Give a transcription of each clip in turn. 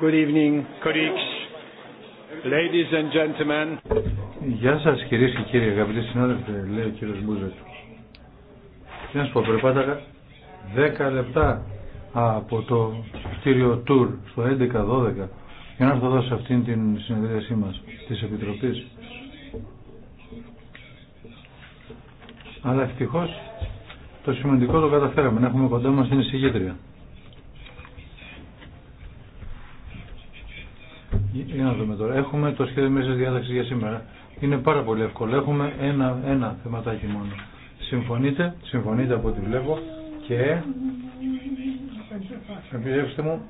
Good evening, colleagues, ladies and gentlemen. Γεια σας κυρίες και κύριοι, αγαπητοί συνάδελφοι, λέει ο κύριος Μπούζεκ. Τι να σου πω, περπάταγα 10 λεπτά από το κτίριο Τουρ στο 11-12 για να έρθω εδώ σε αυτήν την συνεδρίασή μας της Επιτροπής. Αλλά ευτυχώς το σημαντικό το καταφέραμε να έχουμε κοντά μας την εισηγήτρια. Για να Έχουμε το σχέδιο μέσα διάταξη για σήμερα. Είναι πάρα πολύ εύκολο. Έχουμε ένα, ένα θεματάκι μόνο. Συμφωνείτε, συμφωνείτε από ό,τι βλέπω και επιτρέψτε μου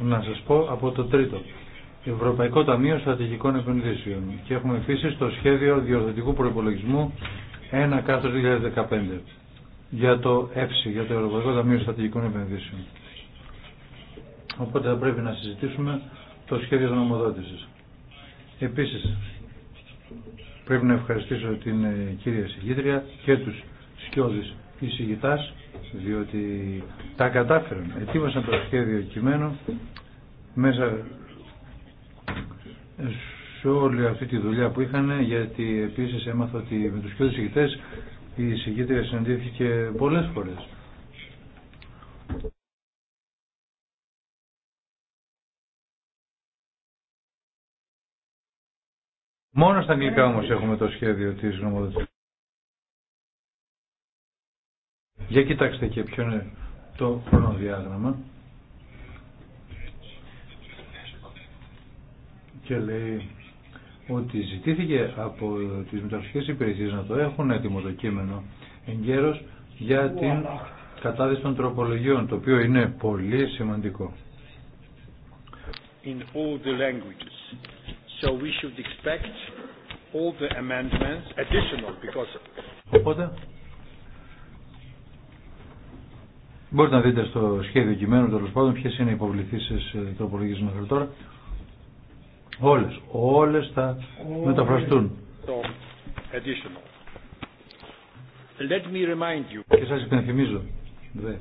να σας πω από το τρίτο. Ευρωπαϊκό Ταμείο Στρατηγικών Επενδύσεων. Και έχουμε επίσης το σχέδιο διορθωτικού προπολογισμού 1 2015 για το ΕΦΣΥ, για το Ευρωπαϊκό Ταμείο Στατηγικών Επενδύσεων. Οπότε θα πρέπει να συζητήσουμε το σχέδιο νομοδότησης. Επίσης, πρέπει να ευχαριστήσω την ε, κυρία Συγήτρια και τους σκιώδης εισηγητάς, διότι τα κατάφεραν. Ετοίμασαν το σχέδιο κειμένο μέσα σε όλη αυτή τη δουλειά που είχαν, γιατί επίσης έμαθα ότι με τους σκιώδης εισηγητές η εισηγήτρια συναντήθηκε πολλές φορές. Μόνο στα αγγλικά όμως έχουμε το σχέδιο της γνωμοδότησης. Για κοιτάξτε και ποιο είναι το χρονοδιάγραμμα. Και λέει ότι ζητήθηκε από τις μεταρρυθμιστικές υπηρεσίες να το έχουν έτοιμο το κείμενο εγκαίρως για την κατάδυση των τροπολογιών, το οποίο είναι πολύ σημαντικό. In all the languages. So we should expect all the amendments additional because... Οπότε, μπορείτε να δείτε στο σχέδιο κειμένου τέλο πάντων ποιε είναι οι υποβληθήσει ε, τροπολογίε μέχρι τώρα. Όλες, όλες θα μεταφραστούν. Let me remind you. Και σας υπενθυμίζω. Δε.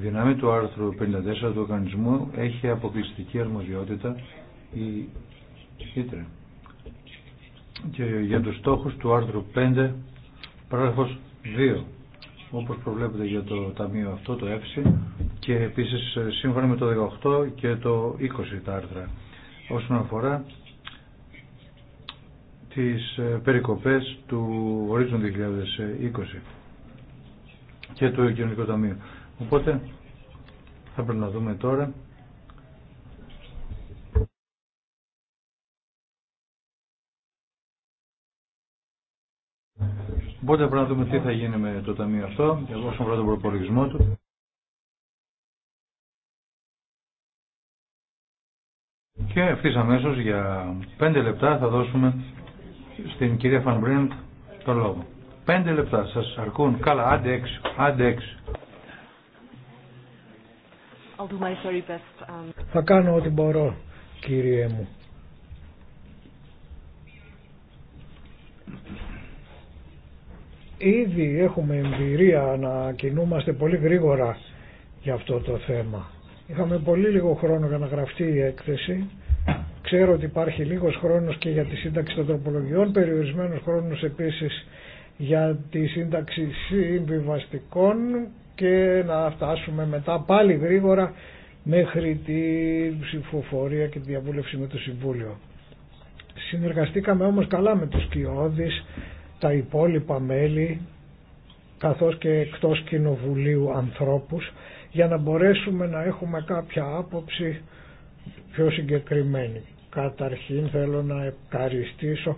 Δυνάμει του άρθρου 54 του οργανισμού έχει αποκλειστική αρμοδιότητα η Ήτρε. Και για τους στόχους του άρθρου 5 πράγματος 2 όπως προβλέπεται για το ταμείο αυτό το ΕΦΣΙ και επίσης ε, σύμφωνα με το 18 και το 20 τα άρθρα όσον αφορά τις ε, περικοπές του ορίζον 2020 και του Κοινωνικού Ταμείου. Οπότε θα πρέπει να δούμε τώρα Οπότε πρέπει να δούμε τι θα γίνει με το ταμείο αυτό, όσον αφορά τον προπολογισμό του. Και ευθύ αμέσω για πέντε λεπτά θα δώσουμε στην κυρία Φανμπρίντ το λόγο. Πέντε λεπτά σας αρκούν. Καλά, άντε έξω. Um, θα κάνω ό,τι μπορώ, κύριε μου. Ήδη έχουμε εμπειρία να κινούμαστε πολύ γρήγορα για αυτό το θέμα. Είχαμε πολύ λίγο χρόνο για να γραφτεί η έκθεση Ξέρω ότι υπάρχει λίγος χρόνος και για τη σύνταξη των τροπολογιών, περιορισμένος χρόνος επίσης για τη σύνταξη συμβιβαστικών και να φτάσουμε μετά πάλι γρήγορα μέχρι τη ψηφοφορία και τη διαβούλευση με το Συμβούλιο. Συνεργαστήκαμε όμως καλά με τους κοιόδης, τα υπόλοιπα μέλη καθώς και εκτός κοινοβουλίου ανθρώπους για να μπορέσουμε να έχουμε κάποια άποψη πιο συγκεκριμένη. Καταρχήν θέλω να ευχαριστήσω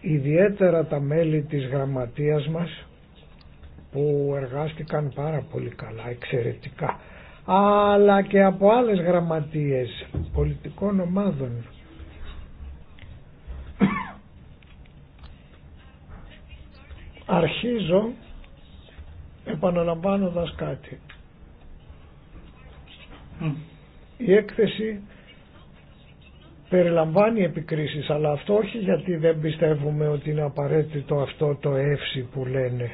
ιδιαίτερα τα μέλη της γραμματείας μας που εργάστηκαν πάρα πολύ καλά, εξαιρετικά αλλά και από άλλες γραμματείες πολιτικών ομάδων αρχίζω επαναλαμβάνοντας κάτι η έκθεση περιλαμβάνει επικρίσεις αλλά αυτό όχι γιατί δεν πιστεύουμε ότι είναι απαραίτητο αυτό το εύση που λένε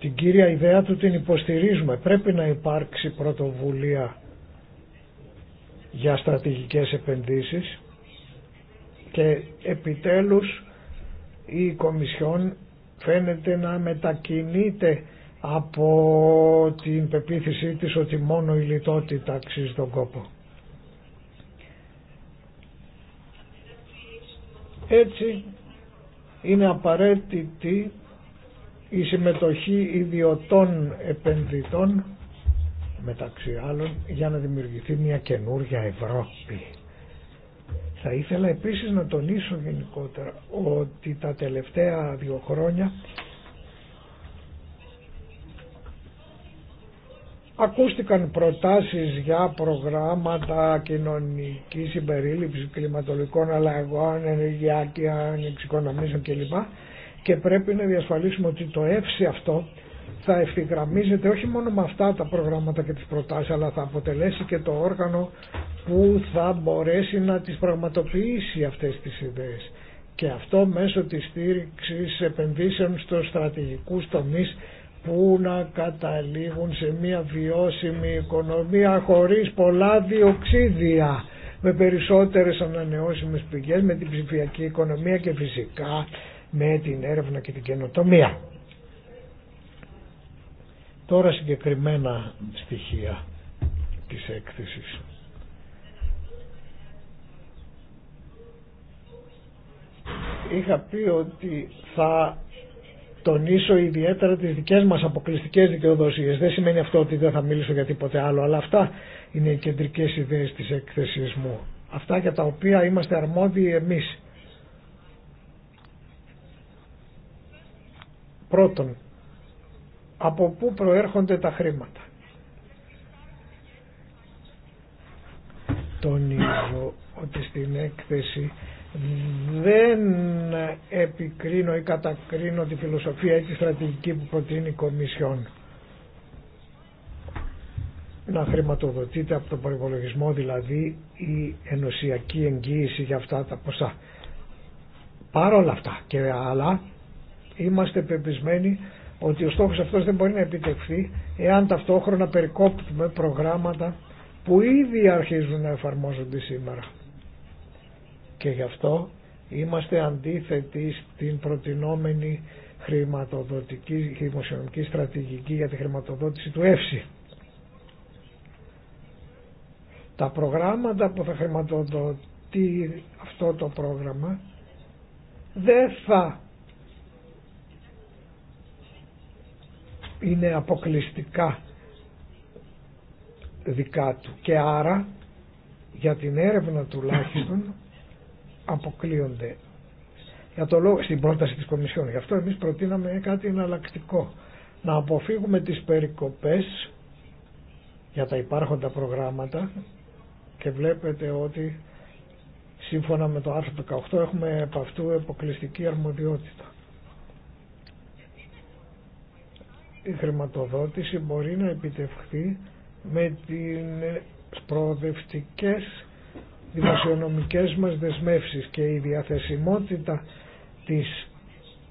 την κύρια ιδέα του την υποστηρίζουμε πρέπει να υπάρξει πρωτοβουλία για στρατηγικές επενδύσεις και επιτέλους η Κομισιόν φαίνεται να μετακινείται από την πεποίθησή της ότι μόνο η λιτότητα αξίζει τον κόπο. Έτσι είναι απαραίτητη η συμμετοχή ιδιωτών επενδυτών μεταξύ άλλων για να δημιουργηθεί μια καινούργια Ευρώπη. Θα ήθελα επίσης να τονίσω γενικότερα ότι τα τελευταία δύο χρόνια Ακούστηκαν προτάσεις για προγράμματα κοινωνικής συμπερίληψης, κλιματολογικών αλλαγών, ενεργειακή ανεξοικονομήσεων κλπ. Και πρέπει να διασφαλίσουμε ότι το ΕΦΣΙ αυτό θα ευθυγραμμίζεται όχι μόνο με αυτά τα προγράμματα και τις προτάσεις, αλλά θα αποτελέσει και το όργανο που θα μπορέσει να τις πραγματοποιήσει αυτές τις ιδέες. Και αυτό μέσω της στήριξης επενδύσεων στους στρατηγικούς τομείς που να καταλήγουν σε μια βιώσιμη οικονομία χωρίς πολλά διοξίδια με περισσότερες ανανεώσιμες πηγές, με την ψηφιακή οικονομία και φυσικά με την έρευνα και την καινοτομία. Τώρα συγκεκριμένα στοιχεία της έκθεσης. Είχα πει ότι θα τονίσω ιδιαίτερα τις δικές μας αποκλειστικές δικαιοδοσίες. Δεν σημαίνει αυτό ότι δεν θα μίλησω για τίποτε άλλο, αλλά αυτά είναι οι κεντρικές ιδέες της έκθεσης μου. Αυτά για τα οποία είμαστε αρμόδιοι εμείς. Πρώτον, από πού προέρχονται τα χρήματα. Τονίζω ότι στην έκθεση δεν επικρίνω ή κατακρίνω τη φιλοσοφία ή τη στρατηγική που προτείνει η Κομισιόν να χρηματοδοτείται από τον προπολογισμό δηλαδή η ενωσιακή εγγύηση για αυτά τα ποσά. Παρ' όλα αυτά και άλλα είμαστε πεπισμένοι ότι ο στόχος αυτός δεν μπορεί να επιτευχθεί εάν ταυτόχρονα περικόπτουμε προγράμματα που ήδη αρχίζουν να χρηματοδοτειται απο τον προπολογισμο δηλαδη η ενωσιακη εγγυηση για αυτα τα ποσα παρολα αυτα και αλλα ειμαστε πεπισμενοι σήμερα και γι' αυτό είμαστε αντίθετοι στην προτινόμενη χρηματοδοτική και δημοσιονομική στρατηγική για τη χρηματοδότηση του ΕΦΣΥ. Τα προγράμματα που θα χρηματοδοτεί αυτό το πρόγραμμα δεν θα είναι αποκλειστικά δικά του και άρα για την έρευνα τουλάχιστον αποκλείονται για το λόγο, στην πρόταση της Κομισιόν. Γι' αυτό εμείς προτείναμε κάτι εναλλακτικό. Να αποφύγουμε τις περικοπές για τα υπάρχοντα προγράμματα και βλέπετε ότι σύμφωνα με το άρθρο 18 έχουμε από αυτού αποκλειστική αρμοδιότητα. Η χρηματοδότηση μπορεί να επιτευχθεί με τις προοδευτικές δημοσιονομικές μας δεσμεύσεις και η διαθεσιμότητα της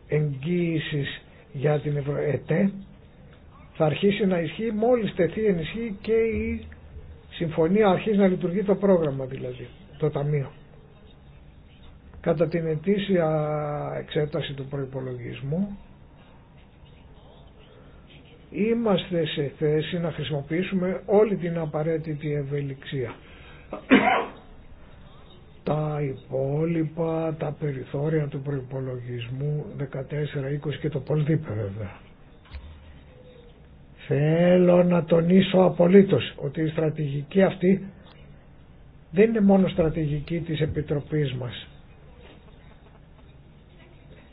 εγγύησης για την ΕΤΕ θα αρχίσει να ισχύει μόλις τεθεί ενισχύει και η συμφωνία αρχίζει να λειτουργεί το πρόγραμμα δηλαδή, το ταμείο. Κατά την ετήσια εξέταση του προϋπολογισμού είμαστε σε θέση να χρησιμοποιήσουμε όλη την απαραίτητη ευελιξία τα υπόλοιπα, τα περιθώρια του προϋπολογισμού 14, 20 και το πολδίπε βέβαια. Θέλω να τονίσω απολύτως ότι η στρατηγική αυτή δεν είναι μόνο στρατηγική της Επιτροπής μας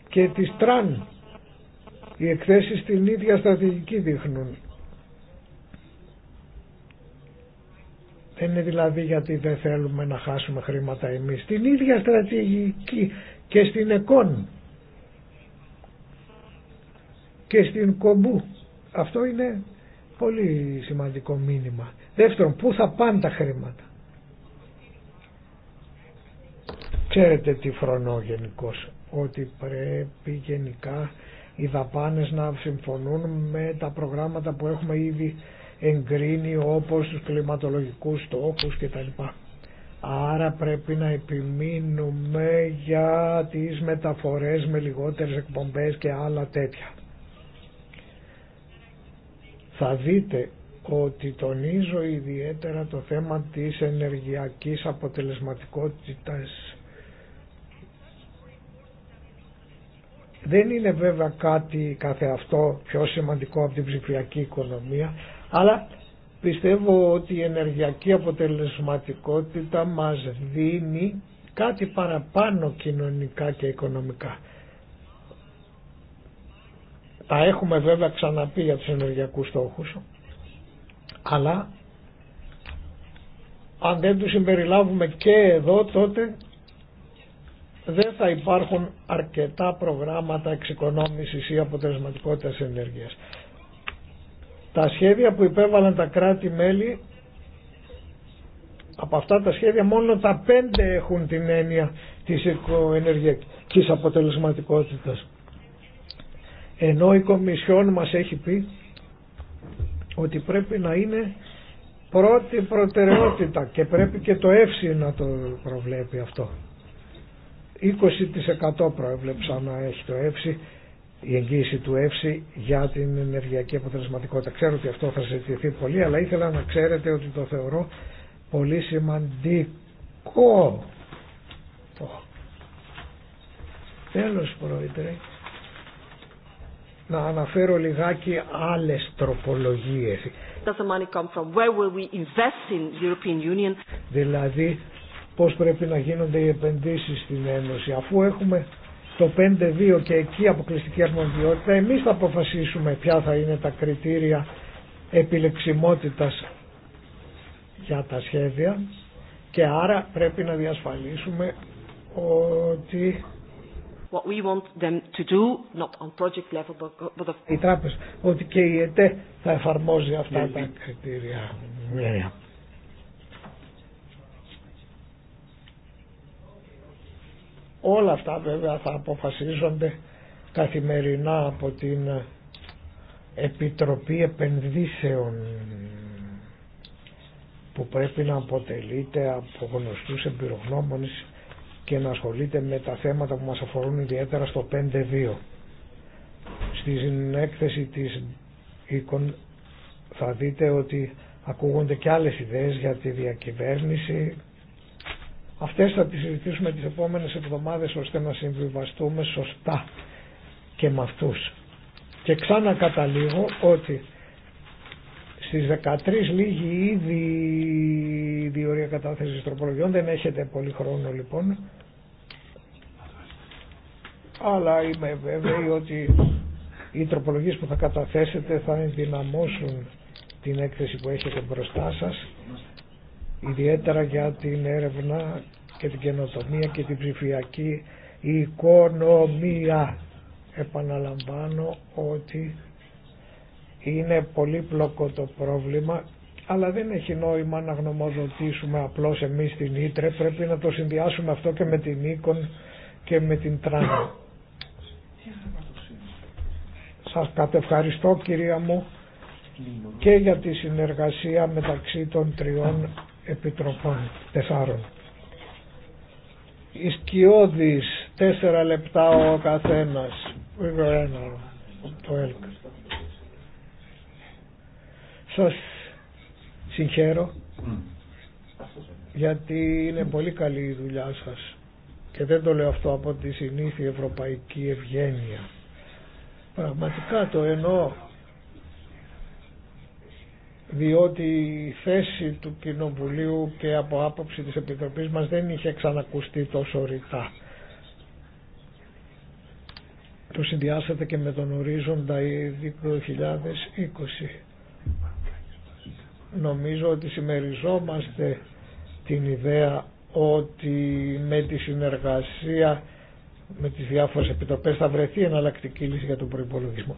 και της ΤΡΑΝ. Οι εκθέσεις την ίδια στρατηγική δείχνουν Δεν είναι δηλαδή γιατί δεν θέλουμε να χάσουμε χρήματα εμείς. Την ίδια στρατηγική και στην ΕΚΟΝ και στην ΚΟΜΠΟΥ. Αυτό είναι πολύ σημαντικό μήνυμα. Δεύτερον, πού θα πάνε τα χρήματα. Ξέρετε τι φρονώ γενικώ ότι πρέπει γενικά οι δαπάνες να συμφωνούν με τα προγράμματα που έχουμε ήδη εγκρίνει όπως τους κλιματολογικούς στόχους κτλ. Άρα πρέπει να επιμείνουμε για τις μεταφορές με λιγότερες εκπομπές και άλλα τέτοια. Θα δείτε ότι τονίζω ιδιαίτερα το θέμα της ενεργειακής αποτελεσματικότητας. Δεν είναι βέβαια κάτι καθεαυτό πιο σημαντικό από την ψηφιακή οικονομία, αλλά πιστεύω ότι η ενεργειακή αποτελεσματικότητα μας δίνει κάτι παραπάνω κοινωνικά και οικονομικά. Τα έχουμε βέβαια ξαναπεί για τους ενεργειακούς στόχους, αλλά αν δεν τους συμπεριλάβουμε και εδώ τότε δεν θα υπάρχουν αρκετά προγράμματα εξοικονόμησης ή αποτελεσματικότητας ενέργειας. Τα σχέδια που υπέβαλαν τα κράτη-μέλη, από αυτά τα σχέδια μόνο τα πέντε έχουν την έννοια της ενεργειακής αποτελεσματικότητας. Ενώ η Κομισιόν μας έχει πει ότι πρέπει να είναι πρώτη προτεραιότητα και πρέπει και το ΕΦΣΙ να το προβλέπει αυτό. 20% προέβλεψα να έχει το ΕΦΣΙ η εγγύηση του ΕΦΣΙ για την ενεργειακή αποτελεσματικότητα. Ξέρω ότι αυτό θα συζητηθεί πολύ, αλλά ήθελα να ξέρετε ότι το θεωρώ πολύ σημαντικό. Τέλος πρόεδρε, να αναφέρω λιγάκι άλλες τροπολογίες. Δηλαδή, πώς πρέπει να γίνονται οι επενδύσεις στην Ένωση, αφού έχουμε το 5-2 και εκεί αποκλειστική αρμοδιότητα εμείς θα αποφασίσουμε ποια θα είναι τα κριτήρια επιλεξιμότητας για τα σχέδια και άρα πρέπει να διασφαλίσουμε ότι What we ότι και η ΕΤΕ θα εφαρμόζει αυτά τα κριτήρια. Ναι. Όλα αυτά βέβαια θα αποφασίζονται καθημερινά από την Επιτροπή Επενδύσεων που πρέπει να αποτελείται από γνωστούς εμπειρογνώμονες και να ασχολείται με τα θέματα που μας αφορούν ιδιαίτερα στο 5-2. Στην έκθεση της οίκων θα δείτε ότι ακούγονται και άλλες ιδέες για τη διακυβέρνηση Αυτές θα τις συζητήσουμε τις επόμενες εβδομάδες ώστε να συμβιβαστούμε σωστά και με αυτούς. Και ξανακαταλήγω ότι στις 13 λίγη ήδη η διορία κατάθεσης τροπολογιών, δεν έχετε πολύ χρόνο λοιπόν. Αλλά είμαι βέβαιη ότι οι τροπολογίες που θα καταθέσετε θα ενδυναμώσουν την έκθεση που έχετε μπροστά σας ιδιαίτερα για την έρευνα και την καινοτομία και την ψηφιακή οικονομία. Επαναλαμβάνω ότι είναι πολύπλοκο το πρόβλημα αλλά δεν έχει νόημα να γνωμοδοτήσουμε απλώς εμείς την Ήτρε, πρέπει να το συνδυάσουμε αυτό και με την Ίκον και με την Τραν. Σας κατευχαριστώ κυρία μου και για τη συνεργασία μεταξύ των τριών επιτροπών τεσσάρων. Ισκιώδης. τέσσερα λεπτά ο καθένας, ένα, το ΕΛΚ. Σας συγχαίρω γιατί είναι πολύ καλή η δουλειά σας και δεν το λέω αυτό από τη συνήθεια ευρωπαϊκή ευγένεια. Πραγματικά το εννοώ διότι η θέση του Κοινοβουλίου και από άποψη της Επιτροπής μας δεν είχε ξανακουστεί τόσο ρητά. Το συνδυάσατε και με τον ορίζοντα ήδη 2020. Νομίζω ότι συμμεριζόμαστε την ιδέα ότι με τη συνεργασία με τις διάφορες επιτροπές θα βρεθεί εναλλακτική λύση για τον προϋπολογισμό.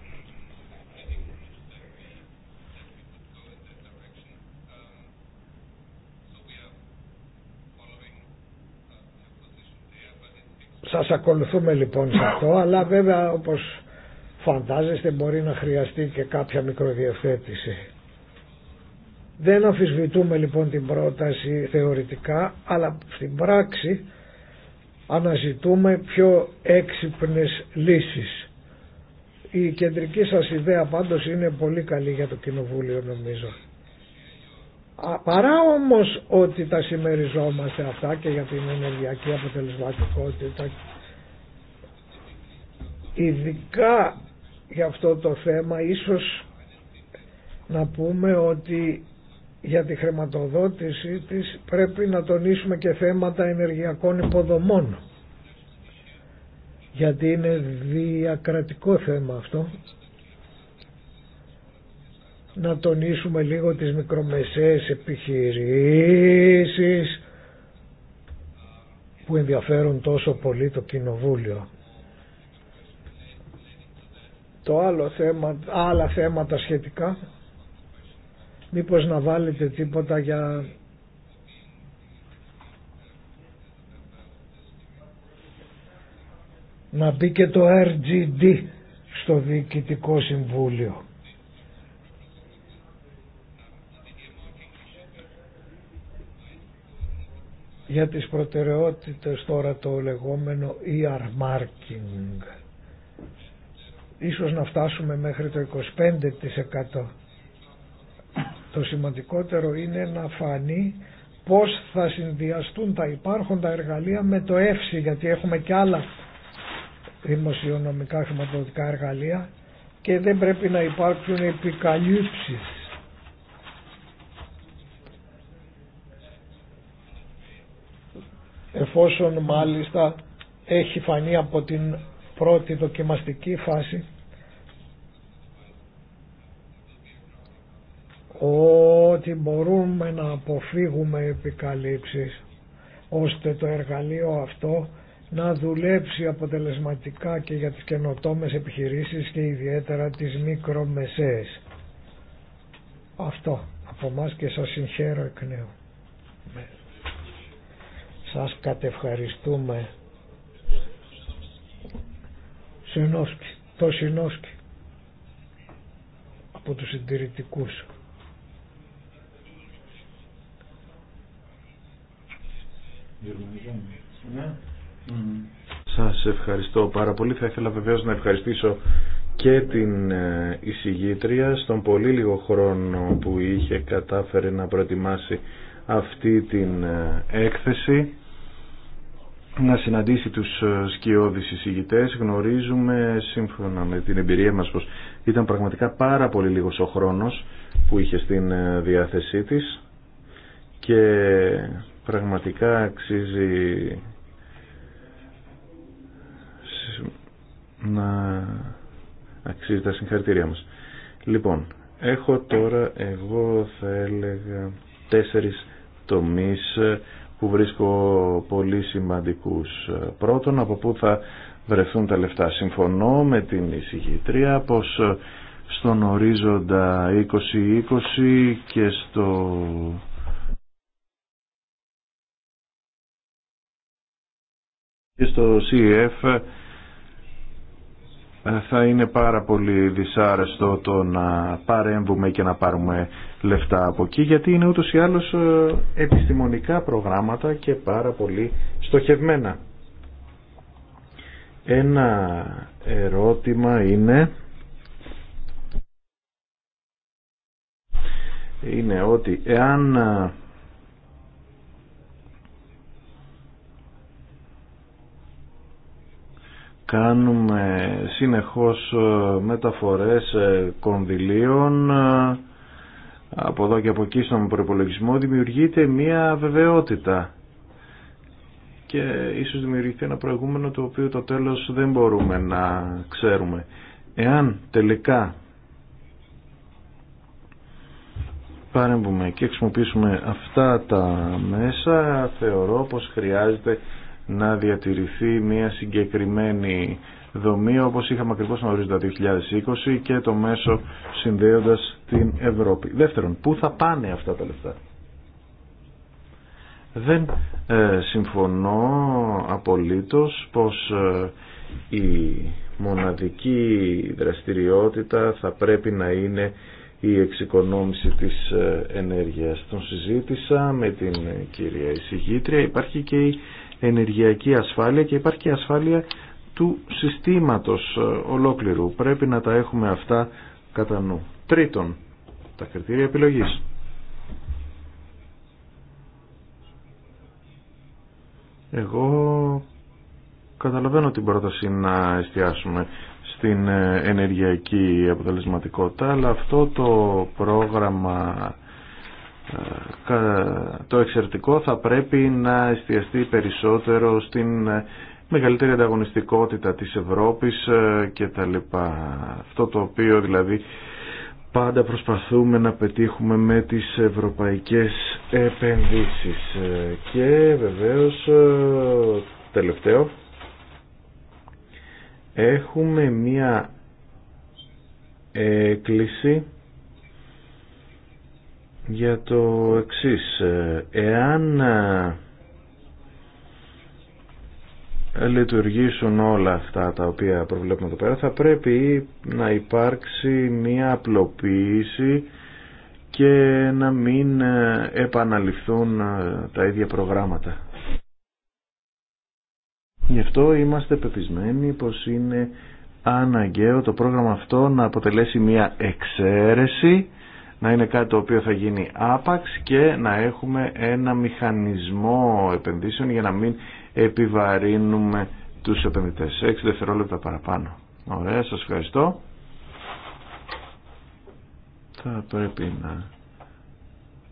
Σας ακολουθούμε λοιπόν σε αυτό, αλλά βέβαια όπως φαντάζεστε μπορεί να χρειαστεί και κάποια μικροδιευθέτηση. Δεν αμφισβητούμε λοιπόν την πρόταση θεωρητικά, αλλά στην πράξη αναζητούμε πιο έξυπνες λύσεις. Η κεντρική σας ιδέα πάντως είναι πολύ καλή για το Κοινοβούλιο νομίζω. Παρά όμως ότι τα συμμεριζόμαστε αυτά και για την ενεργειακή αποτελεσματικότητα, ειδικά για αυτό το θέμα, ίσως να πούμε ότι για τη χρηματοδότηση της πρέπει να τονίσουμε και θέματα ενεργειακών υποδομών γιατί είναι διακρατικό θέμα αυτό να τονίσουμε λίγο τις μικρομεσαίες επιχειρήσεις που ενδιαφέρουν τόσο πολύ το κοινοβούλιο. Το άλλο θέμα, άλλα θέματα σχετικά, μήπως να βάλετε τίποτα για να μπει και το RGD στο Διοικητικό Συμβούλιο. για τις προτεραιότητες τώρα το λεγόμενο ER marking. Ίσως να φτάσουμε μέχρι το 25%. Το σημαντικότερο είναι να φανεί πώς θα συνδυαστούν τα υπάρχοντα εργαλεία με το ΕΦΣΙ γιατί έχουμε και άλλα δημοσιονομικά χρηματοδοτικά εργαλεία και δεν πρέπει να υπάρχουν επικαλύψεις εφόσον μάλιστα έχει φανεί από την πρώτη δοκιμαστική φάση ότι μπορούμε να αποφύγουμε επικαλύψεις ώστε το εργαλείο αυτό να δουλέψει αποτελεσματικά και για τις καινοτόμες επιχειρήσεις και ιδιαίτερα τις μικρομεσαίες. Αυτό από εμάς και σας συγχαίρω εκ νέου. Σας κατευχαριστούμε. συνόσκι, το Σινόσκι από τους συντηρητικούς. Ναι. Σας ευχαριστώ πάρα πολύ. Θα ήθελα βεβαίως να ευχαριστήσω και την ε, εισηγήτρια στον πολύ λίγο χρόνο που είχε κατάφερε να προετοιμάσει αυτή την ε, έκθεση να συναντήσει τους ε, σκιώδεις εισηγητές. Γνωρίζουμε σύμφωνα με την εμπειρία μας πως ήταν πραγματικά πάρα πολύ λίγος ο χρόνος που είχε στην ε, διάθεσή της και πραγματικά αξίζει να αξίζει τα συγχαρητήριά μας. Λοιπόν, έχω τώρα εγώ θα έλεγα τέσσερις τομείς ε, που βρίσκω πολύ σημαντικούς. Ε, πρώτον, από πού θα βρεθούν τα λεφτά. Συμφωνώ με την εισηγήτρια πως ε, στον ορίζοντα 2020 και στο... και στο CEF ε, θα είναι πάρα πολύ δυσάρεστο το να παρέμβουμε και να πάρουμε λεφτά από εκεί γιατί είναι ούτως ή άλλως ε, επιστημονικά προγράμματα και πάρα πολύ στοχευμένα. Ένα ερώτημα είναι είναι ότι εάν ε, κάνουμε συνεχώς ε, μεταφορές ε, κονδυλίων ε, από εδώ και από εκεί στον προπολογισμό δημιουργείται μια βεβαιότητα και ίσως δημιουργηθεί ένα προηγούμενο το οποίο το τέλος δεν μπορούμε να ξέρουμε. Εάν τελικά παρέμβουμε και χρησιμοποιήσουμε αυτά τα μέσα θεωρώ πως χρειάζεται να διατηρηθεί μια συγκεκριμένη δομή όπως είχαμε ακριβώς ορίζει το 2020 και το μέσο συνδέοντας την Ευρώπη. Δεύτερον, πού θα πάνε αυτά τα λεφτά. Δεν ε, συμφωνώ απολύτως πως ε, η μοναδική δραστηριότητα θα πρέπει να είναι η εξοικονόμηση της ε, ενέργειας. Τον συζήτησα με την κυρία εισηγήτρια. Υπάρχει και η ενεργειακή ασφάλεια και υπάρχει και ασφάλεια του συστήματος ε, ολόκληρου. Πρέπει να τα έχουμε αυτά κατά νου. Τρίτον, τα κριτήρια επιλογής. Εγώ καταλαβαίνω την πρόταση να εστιάσουμε στην ε, ενεργειακή αποτελεσματικότητα, αλλά αυτό το πρόγραμμα ε, το εξαιρετικό θα πρέπει να εστιαστεί περισσότερο στην ε, μεγαλύτερη ανταγωνιστικότητα της Ευρώπης ε, και τα λοιπά. Αυτό το οποίο δηλαδή πάντα προσπαθούμε να πετύχουμε με τις ευρωπαϊκές επενδύσεις. Και βεβαίως τελευταίο έχουμε μία έκκληση για το εξής. Ε, εάν ε, λειτουργήσουν όλα αυτά τα οποία προβλέπουμε εδώ πέρα θα πρέπει να υπάρξει μια απλοποίηση και να μην ε, επαναληφθούν τα ίδια προγράμματα. Γι' αυτό είμαστε πεπισμένοι πως είναι αναγκαίο το πρόγραμμα αυτό να αποτελέσει μια εξαίρεση να είναι κάτι το οποίο θα γίνει άπαξ και να έχουμε ένα μηχανισμό επενδύσεων για να μην επιβαρύνουμε τους επενδυτές. Έξι δευτερόλεπτα παραπάνω. Ωραία, σας ευχαριστώ. Θα πρέπει να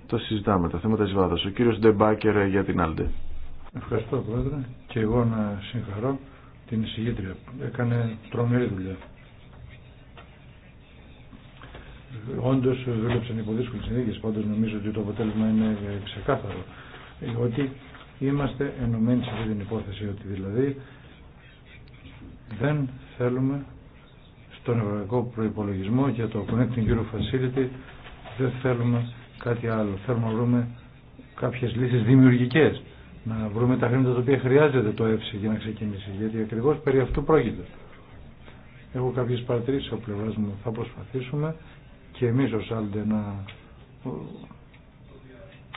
το συζητάμε τα θέματα της βάδας. Ο κύριος Ντεμπάκερ για την Άλντε. Ευχαριστώ πρόεδρε και εγώ να συγχαρώ την εισηγήτρια. Έκανε τρομερή δουλειά. Όντω δούλεψαν υπό δύσκολε συνθήκε, πάντω νομίζω ότι το αποτέλεσμα είναι ξεκάθαρο. Ότι είμαστε ενωμένοι σε αυτή την υπόθεση, ότι δηλαδή δεν θέλουμε στον ευρωπαϊκό προπολογισμό για το Connecting Euro Facility δεν θέλουμε κάτι άλλο. Θέλουμε να βρούμε κάποιε λύσει δημιουργικέ Να βρούμε τα χρήματα τα οποία χρειάζεται το ΕΦΣΙ για να ξεκινήσει. Γιατί ακριβώ περί αυτού πρόκειται. Έχω κάποιε παρατηρήσει από πλευρά μου. Θα προσπαθήσουμε και εμείς ως Άλντε να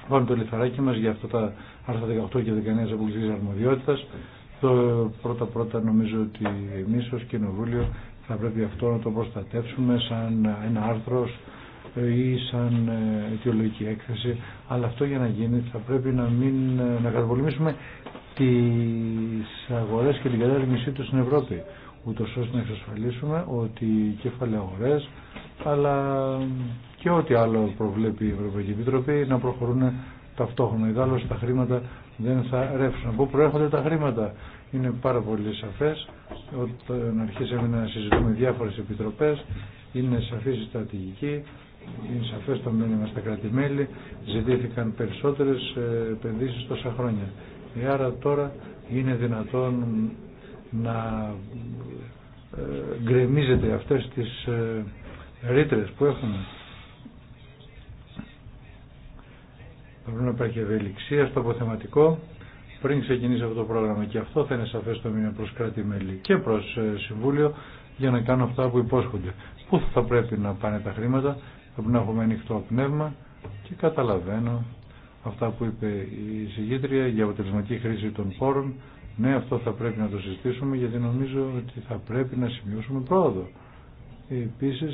βάλουμε το λιθαράκι μας για αυτά τα άρθρα 18 και 19 αποκλειστικής αρμοδιότητας. Το πρώτα πρώτα νομίζω ότι εμείς ως Κοινοβούλιο θα πρέπει αυτό να το προστατεύσουμε σαν ένα άρθρο ή σαν ε, αιτιολογική έκθεση, αλλά αυτό για να γίνει θα πρέπει να, μην, ε, να καταπολεμήσουμε τις αγορές και την κατάρρυμισή του στην Ευρώπη, ούτω ώστε να εξασφαλίσουμε ότι οι κεφαλαίοι αλλά και ό,τι άλλο προβλέπει η Ευρωπαϊκή Επιτροπή να προχωρούν ταυτόχρονα. Ιδάλλως τα χρήματα δεν θα ρεύσουν. Πού προέρχονται τα χρήματα. Είναι πάρα πολύ σαφές όταν αρχίσαμε να συζητούμε διάφορες επιτροπές είναι σαφή η στρατηγική είναι σαφές το μήνυμα στα κρατημέλη ζητήθηκαν περισσότερες ε, επενδύσεις τόσα χρόνια. Ε, άρα τώρα είναι δυνατόν να ε, γκρεμίζεται αυτές τις ρήτρε που έχουμε. Πρέπει να υπάρχει ευελιξία στο αποθεματικό πριν ξεκινήσει αυτό το πρόγραμμα και αυτό θα είναι σαφέ το μήνυμα προ κράτη-μέλη και προ ε, Συμβούλιο για να κάνω αυτά που υπόσχονται. Πού θα πρέπει να πάνε τα χρήματα, θα πρέπει να έχουμε ανοιχτό πνεύμα και καταλαβαίνω αυτά που είπε η συγγήτρια για αποτελεσματική χρήση των πόρων. Ναι, αυτό θα πρεπει να πανε τα χρηματα θα πρεπει να εχουμε ανοιχτο πνευμα και καταλαβαινω αυτα που ειπε η συγκιτρια για αποτελεσματικη χρηση των πορων ναι αυτο θα πρεπει να το συζητήσουμε γιατί νομίζω ότι θα πρέπει να σημειώσουμε πρόοδο. επίση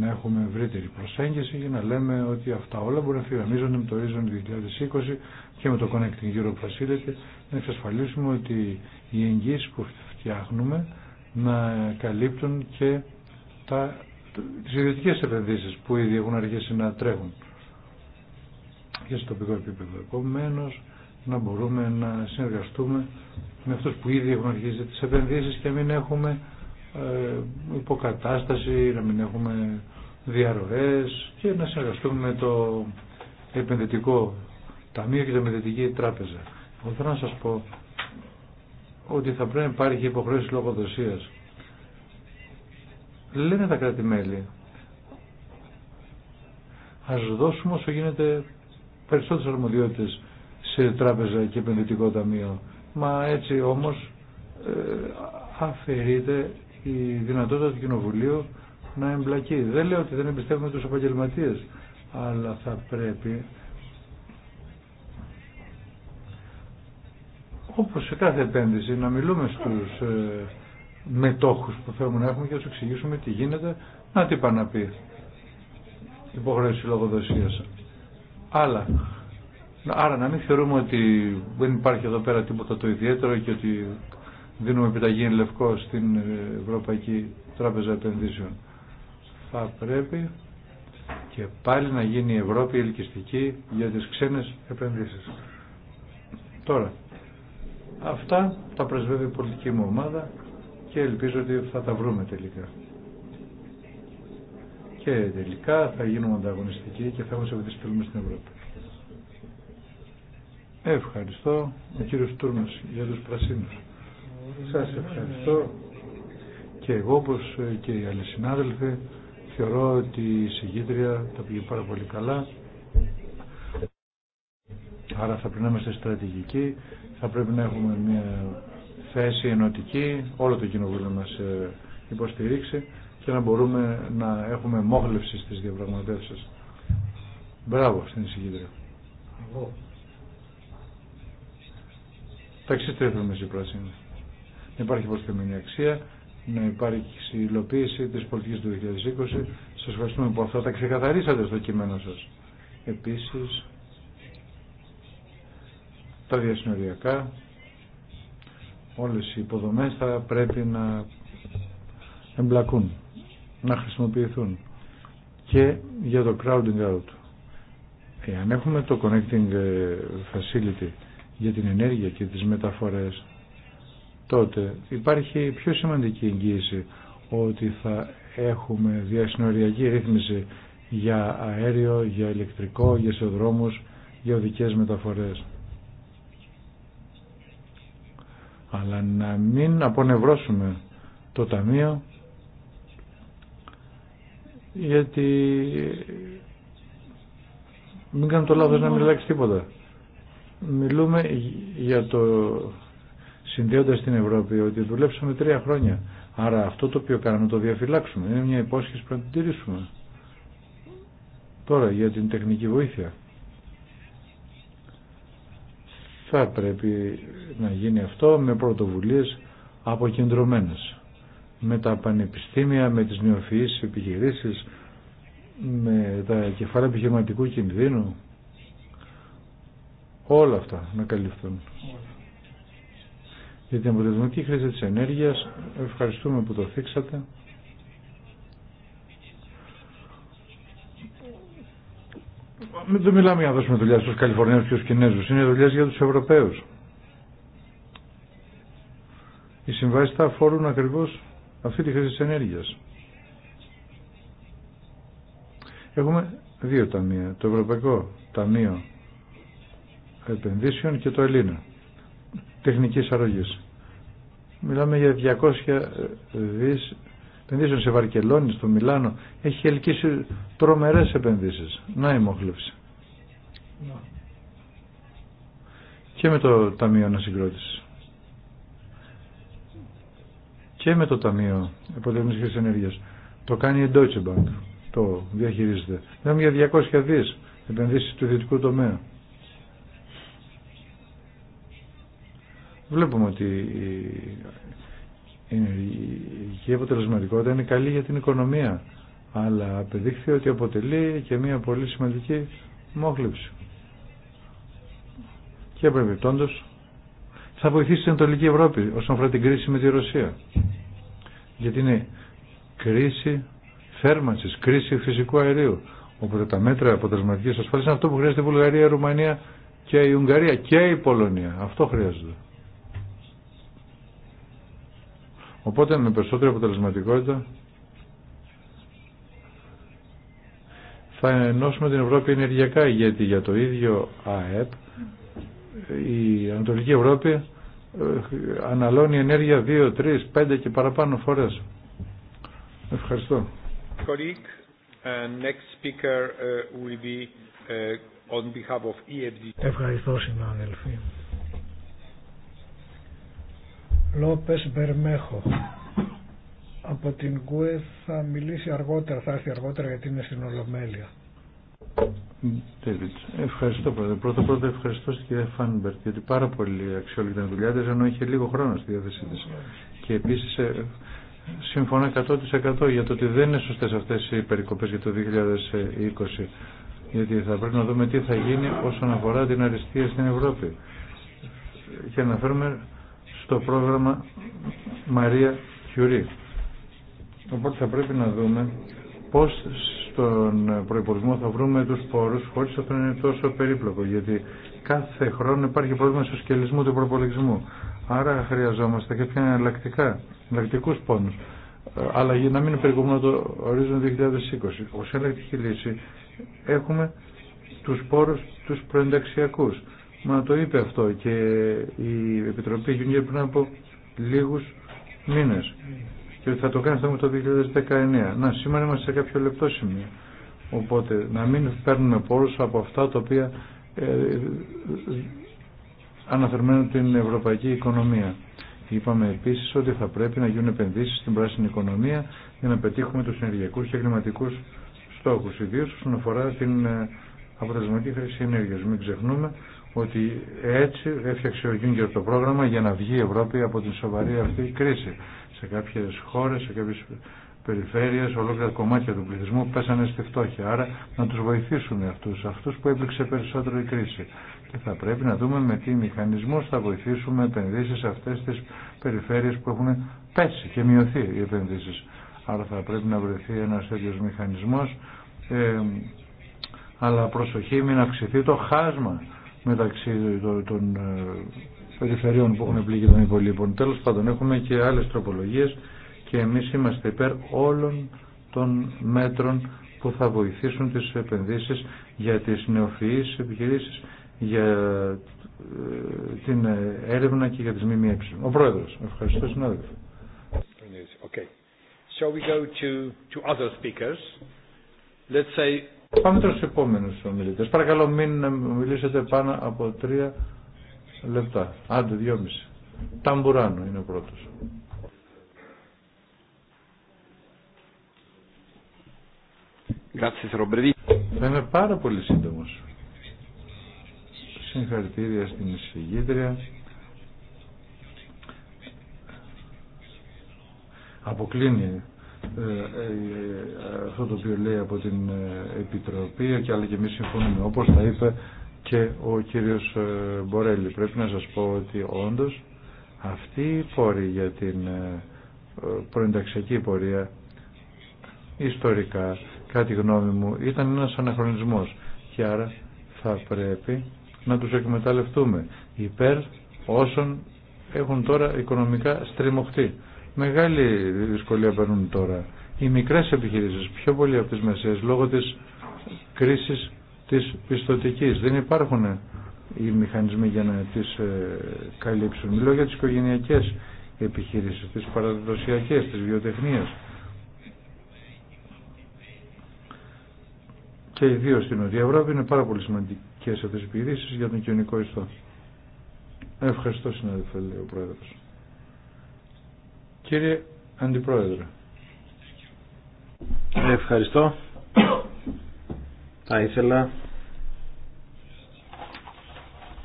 να έχουμε ευρύτερη προσέγγιση για να λέμε ότι αυτά όλα μπορεί να φυγαμίζονται με το Horizon 2020 και με το Connecting Europe Facility να εξασφαλίσουμε ότι οι εγγύσεις που φτιάχνουμε να καλύπτουν και τα, τις ιδιωτικές επενδύσεις που ήδη έχουν αρχίσει να τρέχουν και στο τοπικό επίπεδο. Επομένω, να μπορούμε να συνεργαστούμε με αυτούς που ήδη έχουν αρχίσει τις επενδύσεις και μην έχουμε ε, υποκατάσταση, να μην έχουμε διαρροές και να συνεργαστούμε με το επενδυτικό ταμείο και την επενδυτική τράπεζα. Εγώ θέλω να σας πω ότι θα πρέπει να υπάρχει υποχρέωση λογοδοσίας. Λένε τα κράτη-μέλη, ας δώσουμε όσο γίνεται περισσότερες αρμοδιότητες σε τράπεζα και επενδυτικό ταμείο. Μα έτσι όμως ε, αφαιρείται η δυνατότητα του Κοινοβουλίου να εμπλακεί. Δεν λέω ότι δεν εμπιστεύουμε τους επαγγελματίε, αλλά θα πρέπει όπως σε κάθε επένδυση να μιλούμε στους ε, μετόχους που θέλουμε να έχουμε και να τους εξηγήσουμε τι γίνεται, να τι πάνε να πει υποχρέωση λογοδοσίας. Αλλά, άρα να μην θεωρούμε ότι δεν υπάρχει εδώ πέρα τίποτα το ιδιαίτερο και ότι δίνουμε επιταγή λευκό στην ε, Ευρωπαϊκή Τράπεζα Επενδύσεων. Θα πρέπει και πάλι να γίνει η Ευρώπη ελκυστική για τις ξένες επενδύσεις. Τώρα, αυτά τα πρεσβεύει η πολιτική μου ομάδα και ελπίζω ότι θα τα βρούμε τελικά. Και τελικά θα γίνουμε ανταγωνιστικοί και θα μας σε στην Ευρώπη. Ευχαριστώ ο κύριος για τους πρασίνους. Σας ευχαριστώ. Και εγώ όπως ε, και οι άλλοι συνάδελφοι θεωρώ ότι η συγκίτρια τα πήγε πάρα πολύ καλά. Άρα θα πρέπει να είμαστε στρατηγικοί, θα πρέπει να έχουμε μια θέση ενωτική, όλο το κοινοβούλιο μας ε, υποστηρίξει και να μπορούμε να έχουμε μόχλευση στις διαπραγματεύσεις. Μπράβο στην Εγώ Τα ξεστρέφουμε στις πράσινες να υπάρχει προσθεμένη αξία, να υπάρχει υλοποίηση της πολιτικής του 2020. Σας ευχαριστούμε που αυτά τα ξεκαθαρίσατε στο κείμενο σας. Επίσης, τα διασυνοριακά, όλες οι υποδομές θα πρέπει να εμπλακούν, να χρησιμοποιηθούν και για το crowding out. Εάν έχουμε το connecting facility για την ενέργεια και τις μεταφορές, τότε υπάρχει πιο σημαντική εγγύηση ότι θα έχουμε διασυνοριακή ρύθμιση για αέριο, για ηλεκτρικό, για δρόμους, για οδικές μεταφορές. Αλλά να μην απονευρώσουμε το Ταμείο γιατί μην κάνουμε το λάθος να μην αλλάξει τίποτα. Μιλούμε για το Συνδέοντα την Ευρώπη ότι δουλέψαμε τρία χρόνια. Άρα αυτό το οποίο κάναμε το διαφυλάξουμε. Είναι μια υπόσχεση που να την τηρήσουμε. Τώρα για την τεχνική βοήθεια. Θα πρέπει να γίνει αυτό με πρωτοβουλίες αποκεντρωμένες. Με τα πανεπιστήμια, με τις νεοφυείς επιχειρήσεις, με τα κεφάλαια επιχειρηματικού κινδύνου. Όλα αυτά να καλυφθούν για την αποτελεσματική χρήση της ενέργειας. Ευχαριστούμε που το θίξατε. Μην το μιλάμε για να δώσουμε δουλειά στους Καλιφορνίους και στους Κινέζους. Είναι δουλειά για τους Ευρωπαίους. Οι συμβάσεις θα αφορούν ακριβώς αυτή τη χρήση της ενέργειας. Έχουμε δύο ταμεία. Το Ευρωπαϊκό Ταμείο Επενδύσεων και το Ελλήνα τεχνικής αρρωγής. Μιλάμε για 200 ε, δις επενδύσεων σε Βαρκελόνη, στο Μιλάνο. Έχει ελκύσει τρομερές επενδύσεις. Να η μόχλευση. Και με το Ταμείο Ανασυγκρότησης. Και με το Ταμείο Εποτεχνικής Ενέργειας. Το κάνει η Deutsche Bank. Το διαχειρίζεται. Μιλάμε για 200 δις επενδύσεις του ιδιωτικού τομέα. Βλέπουμε ότι η ενεργειακή αποτελεσματικότητα είναι καλή για την οικονομία, αλλά απεδείχθη ότι αποτελεί και μια πολύ σημαντική μόχλευση. Και επεμπιπτόντως θα βοηθήσει την Ανατολική Ευρώπη όσον αφορά την κρίση με τη Ρωσία. Γιατί είναι κρίση θέρμανσης, κρίση φυσικού αερίου. Οπότε τα μέτρα αποτελεσματικής ασφάλεια είναι αυτό που χρειάζεται η Βουλγαρία, η Ρουμανία και η Ουγγαρία και η Πολωνία. Αυτό χρειάζεται. Οπότε με περισσότερη αποτελεσματικότητα θα ενώσουμε την Ευρώπη ενεργειακά γιατί για το ίδιο ΑΕΠ η Ανατολική Ευρώπη ε, αναλώνει ενέργεια 2, 3, 5 και παραπάνω φορές. Ευχαριστώ. Ευχαριστώ συνάδελφοι. Λόπες Μπερμέχο. Από την ΚΟΕ θα μιλήσει αργότερα, θα έρθει αργότερα γιατί είναι στην Ολομέλεια. Ευχαριστώ πρώτα. Πρώτα πρώτα ευχαριστώ στην κυρία Φάνμπερτ γιατί πάρα πολύ αξιόλογη ήταν η δουλειά της, ενώ είχε λίγο χρόνο στη διάθεσή τη. Και επίση ε, συμφωνώ 100% για το ότι δεν είναι σωστέ αυτέ οι περικοπές για το 2020. Γιατί θα πρέπει να δούμε τι θα γίνει όσον αφορά την αριστεία στην Ευρώπη. Και αναφέρουμε το πρόγραμμα Μαρία Κιουρί. Οπότε θα πρέπει να δούμε πώς στον προϋπολογισμό θα βρούμε τους πόρους χωρίς αυτό είναι τόσο περίπλοκο γιατί κάθε χρόνο υπάρχει πρόβλημα στο σκελισμό του προπολογισμού. Άρα χρειαζόμαστε και πια εναλλακτικά, εναλλακτικού πόρου. Ε, αλλά για να μην περικοπούμε το ορίζον 2020. Ως εναλλακτική λύση έχουμε του πόρου του προενταξιακού. Μα το είπε αυτό και η Επιτροπή Γιούνγκερ πριν από λίγους μήνες και ότι θα το κάνει αυτό με το 2019. Να, σήμερα είμαστε σε κάποιο λεπτό σημείο. Οπότε να μην παίρνουμε πόρους από αυτά τα οποία ε, αναθερμαίνουν την ευρωπαϊκή οικονομία. Είπαμε επίσης ότι θα πρέπει να γίνουν επενδύσεις στην πράσινη οικονομία για να πετύχουμε τους ενεργειακούς και κλιματικούς στόχους, ιδίως όσον αφορά την ε, αποτελεσματική χρήση ενέργεια. Μην ξεχνούμε ότι έτσι έφτιαξε ο Γιούγκερ το πρόγραμμα για να βγει η Ευρώπη από την σοβαρή αυτή κρίση. Σε κάποιες χώρες, σε κάποιες περιφέρειες, ολόκληρα κομμάτια του πληθυσμού πέσανε στη φτώχεια. Άρα να τους βοηθήσουμε αυτούς, αυτούς που έπληξε περισσότερο η κρίση. Και θα πρέπει να δούμε με τι μηχανισμός θα βοηθήσουμε επενδύσεις σε αυτές τις περιφέρειες που έχουν πέσει και μειωθεί οι επενδύσει. Άρα θα πρέπει να βρεθεί ένα τέτοιο μηχανισμό. ε, αλλά προσοχή μην αυξηθεί το χάσμα μεταξύ ε, των περιφερειών που έχουν πληγεί των υπολείπων. Τέλος πάντων έχουμε και άλλες τροπολογίες και εμείς είμαστε υπέρ όλων των μέτρων που θα βοηθήσουν τις επενδύσεις για τις νεοφυείς επιχειρήσεις, για ε, την έρευνα και για τις ΜΜΕ. Ο Πρόεδρος. Ευχαριστώ συνάδελφε. Okay. Shall we go to, to other speakers? Let's say Πάμε τώρα στου επόμενου ομιλητέ. Παρακαλώ μην μιλήσετε πάνω από τρία λεπτά. Άντε, δυόμιση. Ταμπουράνο είναι ο πρώτο. Θα είμαι πάρα πολύ σύντομος. Συγχαρητήρια στην εισηγήτρια. Αποκλίνει ε, ε, αυτό το οποίο λέει από την ε, Επιτροπή και άλλα και εμείς συμφωνούμε. Όπως τα είπε και ο κύριος Μπορέλη. Πρέπει να σας πω ότι όντως αυτή η πόρη για την προενταξιακή πορεία ιστορικά, κάτι γνώμη μου, ήταν ένας αναχρονισμός και άρα θα πρέπει να τους εκμεταλλευτούμε υπέρ όσων έχουν τώρα οικονομικά στριμωχτεί. Μεγάλη δυσκολία παίρνουν τώρα οι μικρές επιχειρήσεις, πιο πολύ από τις μεσαίες, λόγω της κρίσης της πιστοτικής. Δεν υπάρχουν οι μηχανισμοί για να τις ε, καλύψουν. Μιλώ για τις οικογενειακές επιχειρήσεις, τις παραδοσιακές, τις βιοτεχνίες. Και ιδίω στην Νότια Ευρώπη είναι πάρα πολύ σημαντικέ αυτέ οι επιχειρήσει για τον κοινωνικό ιστό. Ευχαριστώ, συνάδελφε, λέει ο Πρόεδρος. Κύριε Αντιπρόεδρε. Ευχαριστώ. Θα ήθελα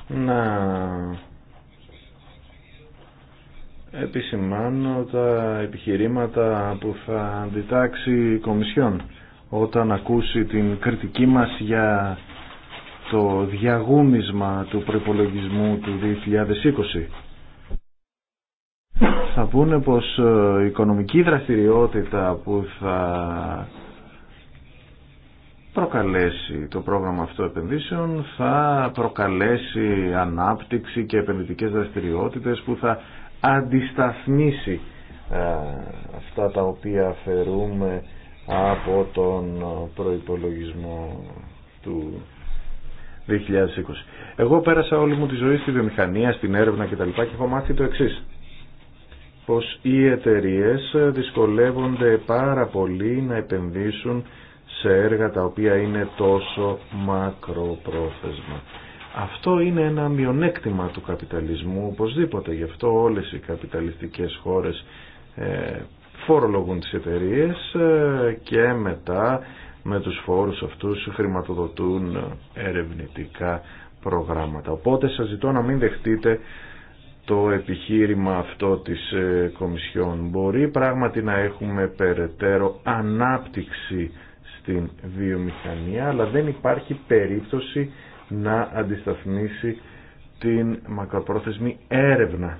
να επισημάνω τα επιχειρήματα που θα αντιτάξει η Κομισιόν όταν ακούσει την κριτική μας για το διαγούμισμα του προπολογισμού του 2020 θα πούνε πως ε, η οικονομική δραστηριότητα που θα προκαλέσει το πρόγραμμα αυτό επενδύσεων θα προκαλέσει ανάπτυξη και επενδυτικές δραστηριότητες που θα αντισταθμίσει ε, αυτά τα οποία αφαιρούμε από τον προϋπολογισμό του 2020. Εγώ πέρασα όλη μου τη ζωή στη βιομηχανία, στην έρευνα κτλ. και έχω μάθει το εξής πως οι εταιρείε δυσκολεύονται πάρα πολύ να επενδύσουν σε έργα τα οποία είναι τόσο μακροπρόθεσμα. Αυτό είναι ένα μειονέκτημα του καπιταλισμού οπωσδήποτε. Γι' αυτό όλες οι καπιταλιστικές χώρες ε, φορολογούν τις εταιρείε ε, και μετά με τους φόρους αυτούς χρηματοδοτούν ερευνητικά προγράμματα. Οπότε σας ζητώ να μην δεχτείτε το επιχείρημα αυτό της ε, Κομισιόν. Μπορεί πράγματι να έχουμε περαιτέρω ανάπτυξη στην βιομηχανία, αλλά δεν υπάρχει περίπτωση να αντισταθμίσει την μακροπρόθεσμη έρευνα.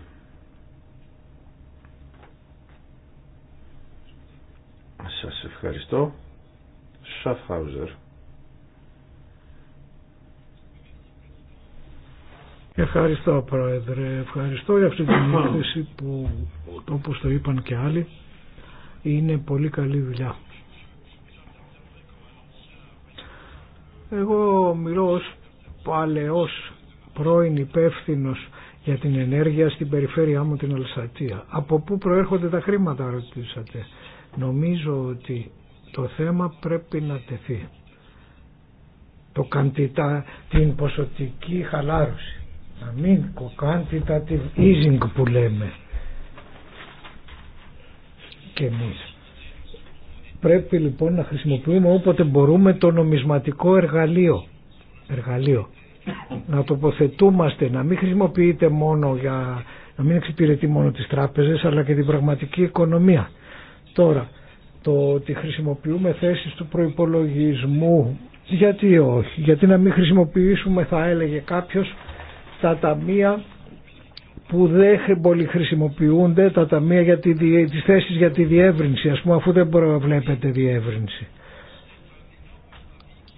Σας ευχαριστώ. Σαφχάουζερ. Ευχαριστώ Πρόεδρε, ευχαριστώ για αυτή την έκθεση που όπως το είπαν και άλλοι είναι πολύ καλή δουλειά. Εγώ μιλώ ως παλαιός πρώην υπεύθυνο για την ενέργεια στην περιφέρειά μου την Αλσατία. Από πού προέρχονται τα χρήματα ρωτήσατε. Νομίζω ότι το θέμα πρέπει να τεθεί. Το καντιτά, την ποσοτική χαλάρωση να μην την easing που λέμε και εμείς. Πρέπει λοιπόν να χρησιμοποιούμε όποτε μπορούμε το νομισματικό εργαλείο. εργαλείο. Να τοποθετούμαστε, να μην χρησιμοποιείται μόνο για, να μην εξυπηρετεί μόνο τις τράπεζες αλλά και την πραγματική οικονομία. Τώρα, το ότι χρησιμοποιούμε θέσεις του προϋπολογισμού γιατί όχι, γιατί να μην χρησιμοποιήσουμε θα έλεγε κάποιος τα ταμεία που δεν πολύ χρησιμοποιούνται, τα ταμεία για τη, τις θέσεις για τη διεύρυνση, ας πούμε αφού δεν προβλέπεται διεύρυνση.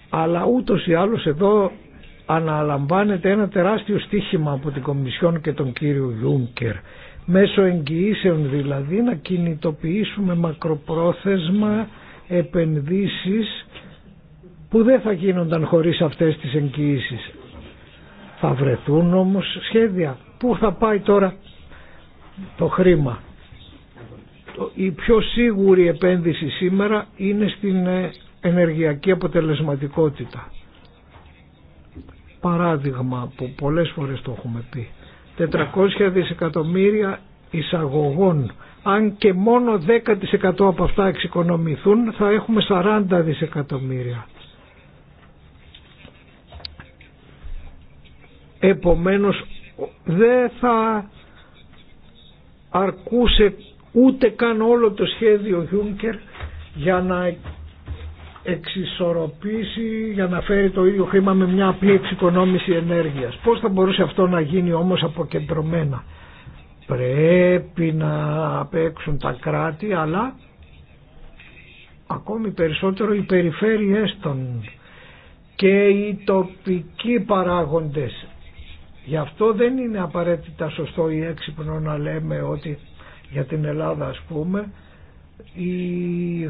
Αλλά ούτως ή άλλως εδώ αναλαμβάνεται ένα τεράστιο στίχημα από την Κομισιόν και τον κύριο Γιούνκερ μέσω εγγυήσεων δηλαδή να κινητοποιήσουμε μακροπρόθεσμα επενδύσεις που δεν θα γίνονταν χωρίς αυτές τις εγγυήσεις. Θα βρεθούν όμως σχέδια. Πού θα πάει τώρα το χρήμα. Η πιο σίγουρη επένδυση σήμερα είναι στην ε, ενεργειακή αποτελεσματικότητα. Παράδειγμα που πολλές φορές το έχουμε πει. 400 δισεκατομμύρια εισαγωγών. Αν και μόνο 10% από αυτά εξοικονομηθούν θα έχουμε 40 δισεκατομμύρια. Επομένως δεν θα αρκούσε ούτε καν όλο το σχέδιο Juncker για να εξισορροπήσει για να φέρει το ίδιο χρήμα με μια απλή εξοικονόμηση ενέργειας. Πώς θα μπορούσε αυτό να γίνει όμως αποκεντρωμένα. Πρέπει να παίξουν τα κράτη αλλά ακόμη περισσότερο οι περιφέρειές των και οι τοπικοί παράγοντες Γι' αυτό δεν είναι απαραίτητα σωστό ή έξυπνο να λέμε ότι για την Ελλάδα ας πούμε η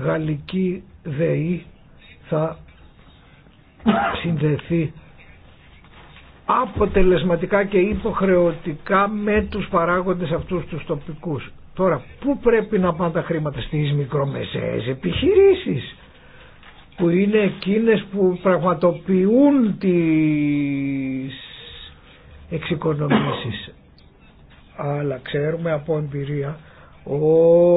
γαλλική ΔΕΗ θα συνδεθεί αποτελεσματικά και υποχρεωτικά με τους παράγοντες αυτούς τους τοπικούς. Τώρα, πού πρέπει να πάνε τα χρήματα στις μικρομεσαίες επιχειρήσεις που είναι εκείνες που πραγματοποιούν τις εξοικονομήσεις. Αλλά ξέρουμε από εμπειρία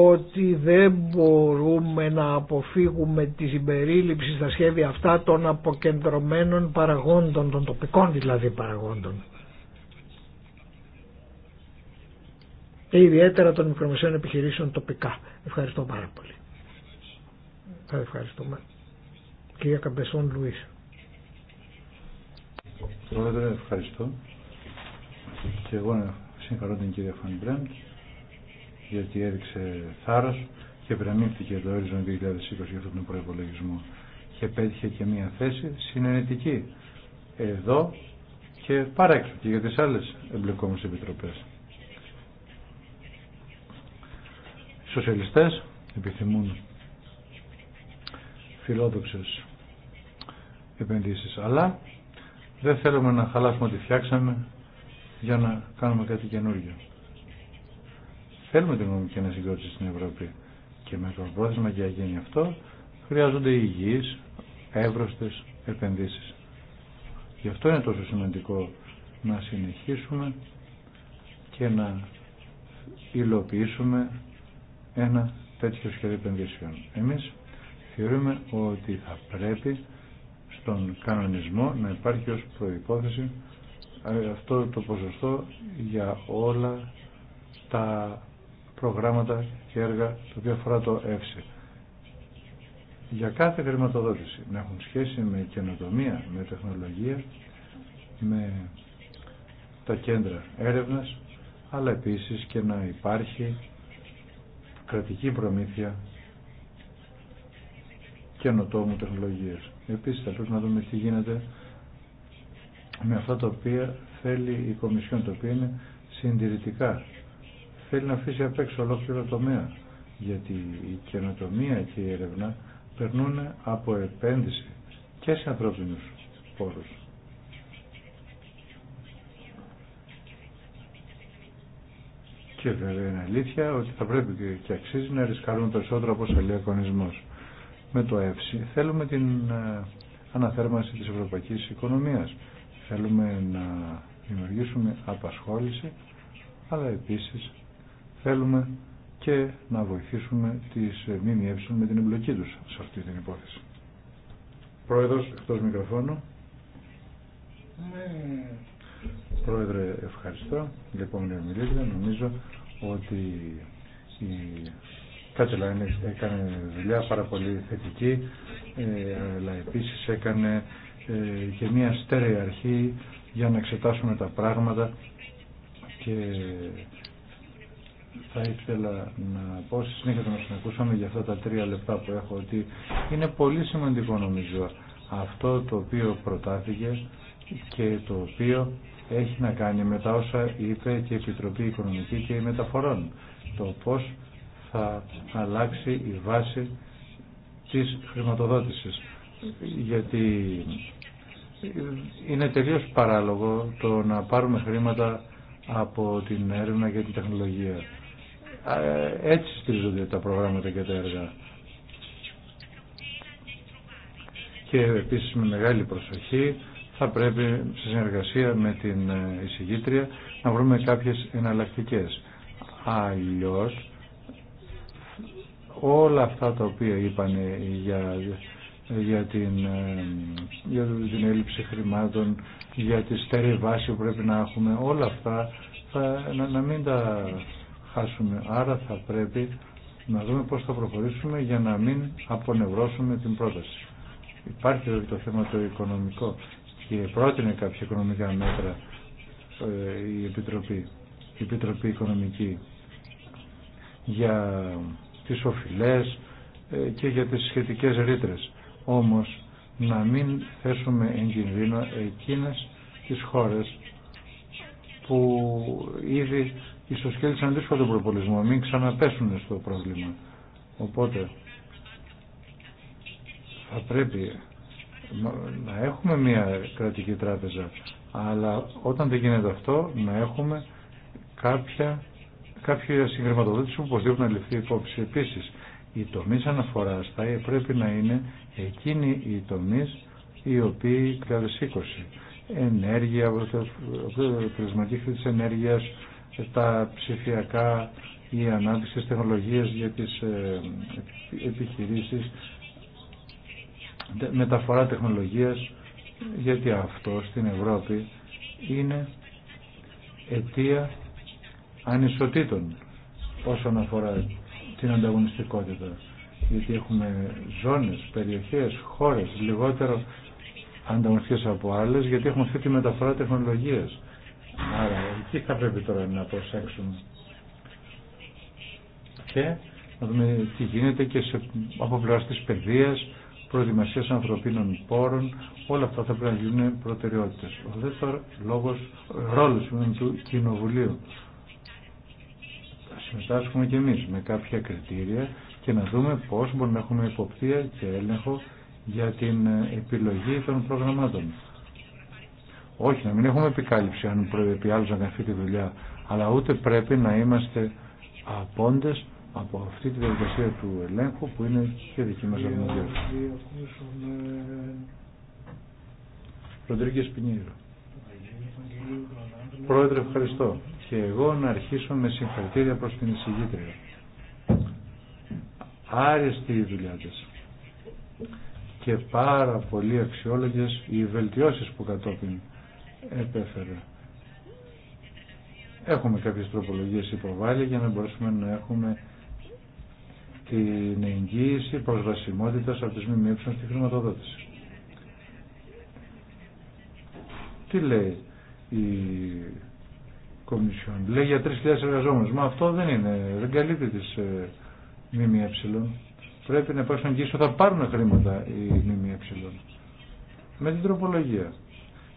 ότι δεν μπορούμε να αποφύγουμε τη συμπερίληψη στα σχέδια αυτά των αποκεντρωμένων παραγόντων, των τοπικών δηλαδή παραγόντων. Και ιδιαίτερα των μικρομεσαίων επιχειρήσεων τοπικά. Ευχαριστώ πάρα πολύ. Θα ευχαριστούμε. Κυρία Καμπεσόν Λουίς. Πρόεδρε, ευχαριστώ. Και εγώ συγχαρώ την κυρία Φαν γιατί έδειξε θάρρος και πραμήθηκε το Horizon 2020 για αυτόν τον προπολογισμό και πέτυχε και μια θέση συνενετική εδώ και παράξω και για τις άλλες εμπλεκόμενες επιτροπές. Οι σοσιαλιστές επιθυμούν φιλόδοξες επενδύσεις, αλλά δεν θέλουμε να χαλάσουμε ό,τι φτιάξαμε για να κάνουμε κάτι καινούργιο. Θέλουμε την οικονομική ανασυγκρότηση στην Ευρώπη και με το πρόθεσμα για να γίνει αυτό χρειάζονται υγιείς, εύρωστες επενδύσεις. Γι' αυτό είναι τόσο σημαντικό να συνεχίσουμε και να υλοποιήσουμε ένα τέτοιο σχέδιο επενδύσεων. Εμείς θεωρούμε ότι θα πρέπει στον κανονισμό να υπάρχει ως προϋπόθεση ε, αυτό το ποσοστό για όλα τα προγράμματα και έργα τα οποία αφορά το ΕΦΣΕ. Για κάθε χρηματοδότηση να έχουν σχέση με καινοτομία, με τεχνολογία, με τα κέντρα έρευνας, αλλά επίσης και να υπάρχει κρατική προμήθεια καινοτόμου τεχνολογίας. Επίσης θα πρέπει να δούμε τι γίνεται με αυτά τα οποία θέλει η Κομισιόν, τα οποία είναι συντηρητικά. Θέλει να αφήσει απ' έξω ολόκληρο τομέα, γιατί η καινοτομία και η έρευνα περνούν από επένδυση και σε ανθρώπινους πόρους. Και βέβαια είναι αλήθεια ότι θα πρέπει και αξίζει να ρισκάρουμε περισσότερο από σε Με το ΕΦΣΥ θέλουμε την ε, αναθέρμανση της ευρωπαϊκής οικονομίας Θέλουμε να δημιουργήσουμε απασχόληση, αλλά επίσης θέλουμε και να βοηθήσουμε τις ΜΜΕ με την εμπλοκή τους σε αυτή την υπόθεση. Πρόεδρος, εκτός μικροφώνου. Ναι. Πρόεδρε, ευχαριστώ. Για επόμενη ομιλία νομίζω ότι η Κάτσελα έκανε δουλειά πάρα πολύ θετική, ε, αλλά επίσης έκανε και ε, μια στέρεη αρχή για να εξετάσουμε τα πράγματα και θα ήθελα να πω στη συνέχεια το για αυτά τα τρία λεπτά που έχω ότι είναι πολύ σημαντικό νομίζω αυτό το οποίο προτάθηκε και το οποίο έχει να κάνει με τα όσα είπε και η Επιτροπή Οικονομική και η Μεταφορών το πώς θα αλλάξει η βάση της χρηματοδότησης γιατί είναι τελείως παράλογο το να πάρουμε χρήματα από την έρευνα και την τεχνολογία. Ε, έτσι στηρίζονται τα προγράμματα και τα έργα. Και επίσης με μεγάλη προσοχή θα πρέπει σε συνεργασία με την ε, εισηγήτρια να βρούμε κάποιες εναλλακτικές. Αλλιώς όλα αυτά τα οποία είπαν για για την, ε, για την έλλειψη χρημάτων, για τη στέρεη βάση που πρέπει να έχουμε, όλα αυτά να, να μην τα χάσουμε. Άρα θα πρέπει να δούμε πώς θα προχωρήσουμε για να μην απονευρώσουμε την πρόταση. Υπάρχει το θέμα το οικονομικό και πρότεινε κάποια οικονομικά μέτρα ε, η Επιτροπή, η Επιτροπή Οικονομική για τις οφειλές ε, και για τις σχετικές ρήτρες όμως να μην θέσουμε εν κινδύνο εκείνες τις χώρες που ήδη ίσως κέλυσαν δύσκολο τον προπολισμό, μην ξαναπέσουν στο πρόβλημα. Οπότε θα πρέπει να έχουμε μια κρατική τράπεζα, αλλά όταν δεν γίνεται αυτό να έχουμε κάποια, κάποια που οπωσδήποτε να ληφθεί υπόψη. Επίσης, οι τομείς αναφορά θα πρέπει να είναι εκείνοι οι τομείς οι οποίοι κλαρσίκωση ενέργεια, ενέργειας, τα ψηφιακά, η ανάπτυξη της τεχνολογίας για τις ε, επιχειρήσεις, μεταφορά τεχνολογίας, γιατί αυτό στην Ευρώπη είναι αιτία ανισοτήτων όσον αφορά την ανταγωνιστικότητα γιατί έχουμε ζώνες, περιοχές, χώρες λιγότερο ανταγωνιστικές από άλλες γιατί έχουμε αυτή τη μεταφορά τεχνολογίας. Άρα εκεί θα πρέπει τώρα να προσέξουμε. Και να δούμε τι γίνεται και σε, από πλευρά της παιδείας, προετοιμασίας ανθρωπίνων πόρων, όλα αυτά θα πρέπει να γίνουν προτεραιότητες. Ο δεύτερο λόγος, ρόλος του Κοινοβουλίου. θα Συμμετάσχουμε και εμείς με κάποια κριτήρια και να δούμε πώς μπορούμε να έχουμε υποπτία και έλεγχο για την επιλογή των προγραμμάτων. Όχι, να μην έχουμε επικάλυψη αν πρέπει άλλος να κάνει αυτή τη δουλειά, αλλά ούτε πρέπει να είμαστε απόντες από αυτή τη διαδικασία του ελέγχου που είναι και δική μας αρμοδιότητα. Ροντρίγκες Πρόεδρε, ευχαριστώ. Και εγώ να αρχίσω με συγχαρητήρια προς την εισηγήτρια άριστη η δουλειά της και πάρα πολύ αξιόλογες οι βελτιώσεις που κατόπιν επέφερε. Έχουμε κάποιες τροπολογίες υποβάλει για να μπορέσουμε να έχουμε την εγγύηση προσβασιμότητας από τις ΜΜΕ στη χρηματοδότηση. Τι λέει η Κομισιόν. Λέει για 3.000 εργαζόμενους. Μα αυτό δεν είναι. Δεν καλύπτει τις ε, ΜΜΕ πρέπει να υπάρξουν και ότι θα πάρουν χρήματα οι ΜΜΕ με την τροπολογία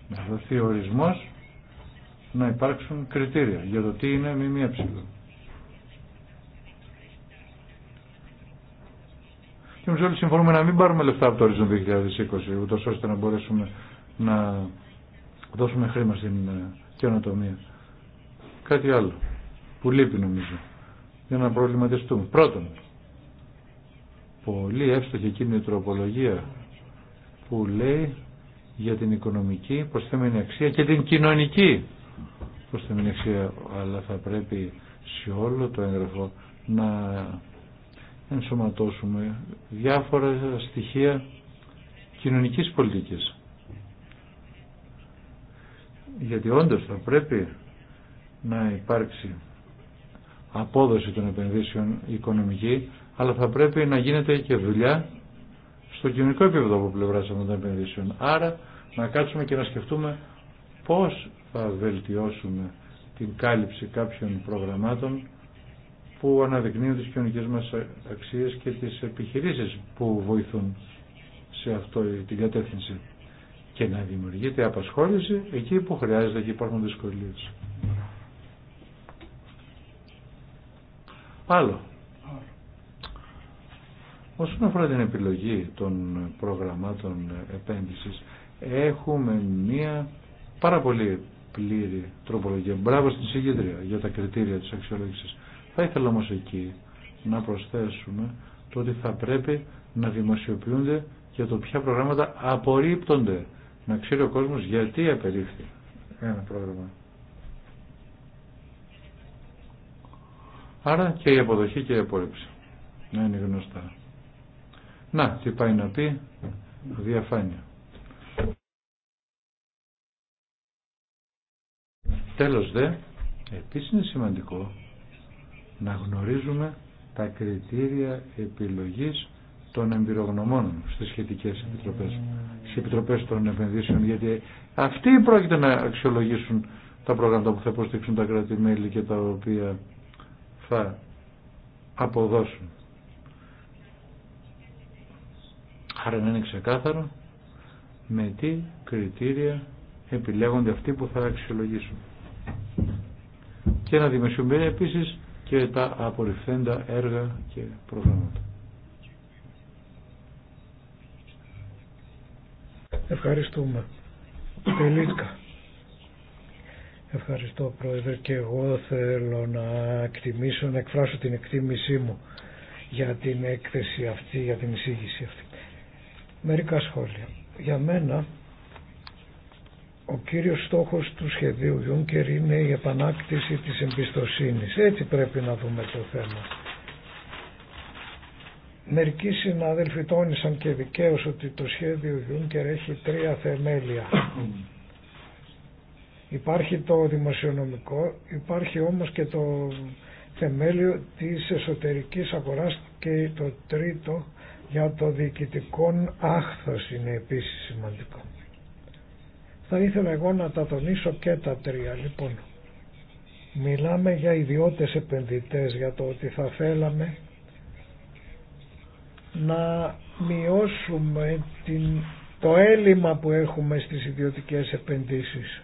να δοθεί ορισμό να υπάρξουν κριτήρια για το τι είναι ΜΜΕ και εμεί όλοι συμφωνούμε να μην πάρουμε λεφτά από το 2020 ούτως ώστε να μπορέσουμε να δώσουμε χρήμα στην καινοτομία κάτι άλλο που λείπει νομίζω για να προβληματιστούμε. Πρώτον, πολύ εύστοχη εκείνη η τροπολογία που λέει για την οικονομική προσθέμενη αξία και την κοινωνική προσθέμενη αξία. Αλλά θα πρέπει σε όλο το έγγραφο να ενσωματώσουμε διάφορα στοιχεία κοινωνικής πολιτικής. Γιατί όντως θα πρέπει να υπάρξει απόδοση των επενδύσεων οικονομική, αλλά θα πρέπει να γίνεται και δουλειά στο κοινωνικό επίπεδο από πλευρά των επενδύσεων. Άρα να κάτσουμε και να σκεφτούμε πώς θα βελτιώσουμε την κάλυψη κάποιων προγραμμάτων που αναδεικνύουν τις κοινωνικές μας αξίες και τις επιχειρήσεις που βοηθούν σε αυτό την κατεύθυνση και να δημιουργείται απασχόληση εκεί που χρειάζεται και υπάρχουν δυσκολίες. Άλλο. Όσον αφορά την επιλογή των προγραμμάτων επένδυσης, έχουμε μία πάρα πολύ πλήρη τροπολογία. Μπράβο στην συγκεντρία για τα κριτήρια της αξιολόγησης. Θα ήθελα όμως εκεί να προσθέσουμε το ότι θα πρέπει να δημοσιοποιούνται για το ποια προγράμματα απορρίπτονται. Να ξέρει ο κόσμος γιατί απερίφθη ένα πρόγραμμα. Άρα και η αποδοχή και η απόρριψη. Να είναι γνωστά. Να, τι πάει να πει διαφάνεια. Τέλος δε, ε, επίσης είναι σημαντικό να γνωρίζουμε τα κριτήρια επιλογής των εμπειρογνωμών στις σχετικές επιτροπές, στις επιτροπές των επενδύσεων, γιατί αυτοί πρόκειται να αξιολογήσουν τα προγράμματα που θα υποστήξουν τα κράτη-μέλη και τα οποία θα αποδώσουν. Άρα να είναι ξεκάθαρο με τι κριτήρια επιλέγονται αυτοί που θα αξιολογήσουν. Και να δημοσιοποιεί επίσης και τα απορριφθέντα έργα και προγράμματα. Ευχαριστούμε. Ευχαριστώ Πρόεδρε και εγώ θέλω να εκτιμήσω, να εκφράσω την εκτίμησή μου για την έκθεση αυτή, για την εισήγηση αυτή. Μερικά σχόλια. Για μένα ο κύριος στόχος του σχεδίου Γιούνκερ είναι η επανάκτηση της εμπιστοσύνης. Έτσι πρέπει να δούμε το θέμα. Μερικοί συνάδελφοι τόνισαν και δικαίως ότι το σχέδιο Γιούνκερ έχει τρία θεμέλια Υπάρχει το δημοσιονομικό, υπάρχει όμως και το θεμέλιο της εσωτερικής αγοράς και το τρίτο για το διοικητικό άχθος είναι επίσης σημαντικό. Θα ήθελα εγώ να τα τονίσω και τα τρία λοιπόν. Μιλάμε για ιδιώτες επενδυτές, για το ότι θα θέλαμε να μειώσουμε την, το έλλειμμα που έχουμε στις ιδιωτικές επενδύσεις.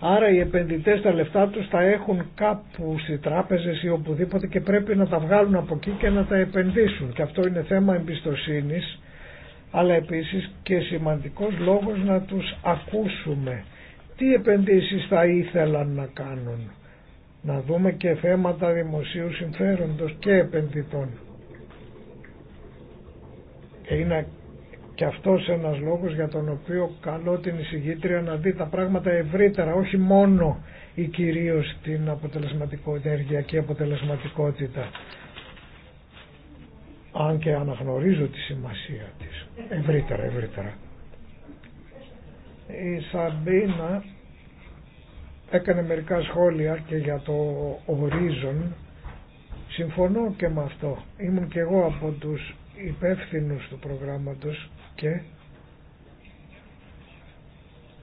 Άρα οι επενδυτές τα λεφτά τους τα έχουν κάπου στι τράπεζες ή οπουδήποτε και πρέπει να τα βγάλουν από εκεί και να τα επενδύσουν. Και αυτό είναι θέμα εμπιστοσύνης αλλά επίσης και σημαντικός λόγος να τους ακούσουμε. Τι επενδύσεις θα ήθελαν να κάνουν. Να δούμε και θέματα δημοσίου συμφέροντος και επενδυτών. Ε, είναι και αυτός ένας λόγος για τον οποίο καλώ την εισηγήτρια να δει τα πράγματα ευρύτερα, όχι μόνο ή κυρίως την αποτελεσματικότητα, ενεργειακή αποτελεσματικότητα. Αν και αναγνωρίζω τη σημασία της. Ευρύτερα, ευρύτερα. Η Σαμπίνα έκανε μερικά σχόλια και για το ορίζον. Συμφωνώ και με αυτό. Ήμουν και εγώ από τους υπεύθυνους του προγράμματος και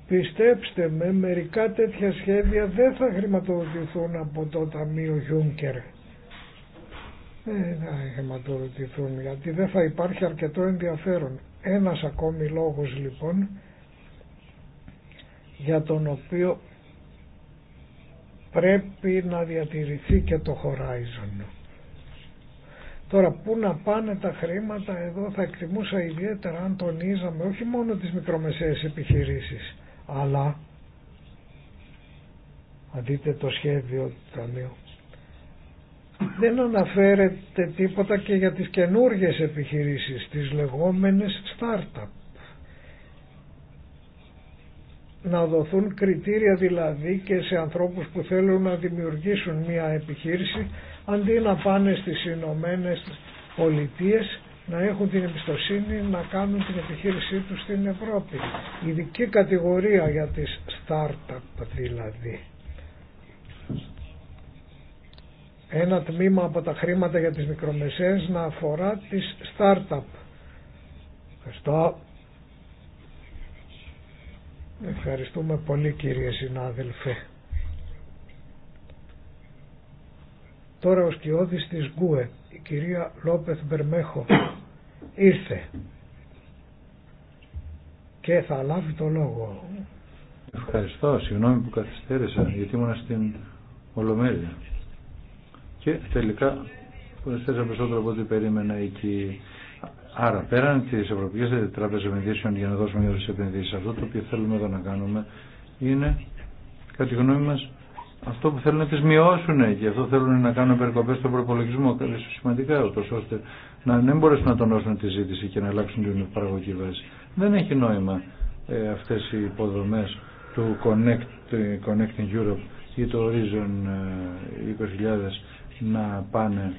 πιστέψτε με μερικά τέτοια σχέδια δεν θα χρηματοδοτηθούν από το Ταμείο Γιούνκερ δεν θα χρηματοδοτηθούν γιατί δεν θα υπάρχει αρκετό ενδιαφέρον ένας ακόμη λόγος λοιπόν για τον οποίο πρέπει να διατηρηθεί και το Horizon. Τώρα πού να πάνε τα χρήματα εδώ θα εκτιμούσα ιδιαίτερα αν τονίζαμε όχι μόνο τις μικρομεσαίες επιχειρήσεις αλλά αν δείτε το σχέδιο του Ταμείου δεν αναφέρεται τίποτα και για τις καινούργιες επιχειρήσεις, τις λεγόμενες startup. Να δοθούν κριτήρια δηλαδή και σε ανθρώπους που θέλουν να δημιουργήσουν μια επιχείρηση αντί να πάνε στις Ηνωμένε Πολιτείες να έχουν την εμπιστοσύνη να κάνουν την επιχείρησή τους στην Ευρώπη. Ειδική κατηγορία για τις startup δηλαδή. Ένα τμήμα από τα χρήματα για τις μικρομεσαίες να αφορά τις startup. Ευχαριστώ. Ευχαριστούμε πολύ κύριε συνάδελφε. Τώρα ο σκιώδης της Γκουε, η κυρία Λόπεθ Μπερμέχο, ήρθε και θα λάβει το λόγο. Ευχαριστώ, συγγνώμη που καθυστέρησα, γιατί ήμουν στην Ολομέλεια. Και τελικά καθυστέρησα περισσότερο από ό,τι περίμενα εκεί. Άρα, πέραν τη Ευρωπαϊκή Τράπεζα Επενδύσεων για να δώσουμε για τι επενδύσει, αυτό το οποίο θέλουμε εδώ να κάνουμε είναι, κατά τη γνώμη μα, αυτό που θέλουν να τις μειώσουν και αυτό θέλουν να κάνουν περικοπές στον προπολογισμό σημαντικά ούτως ώστε να μην μπορέσουν να τονώσουν τη ζήτηση και να αλλάξουν την παραγωγική βάση. Δεν έχει νόημα ε, αυτές οι υποδομές του Connect, ε, Connecting Europe ή το Horizon 20.000 ε, να πάνε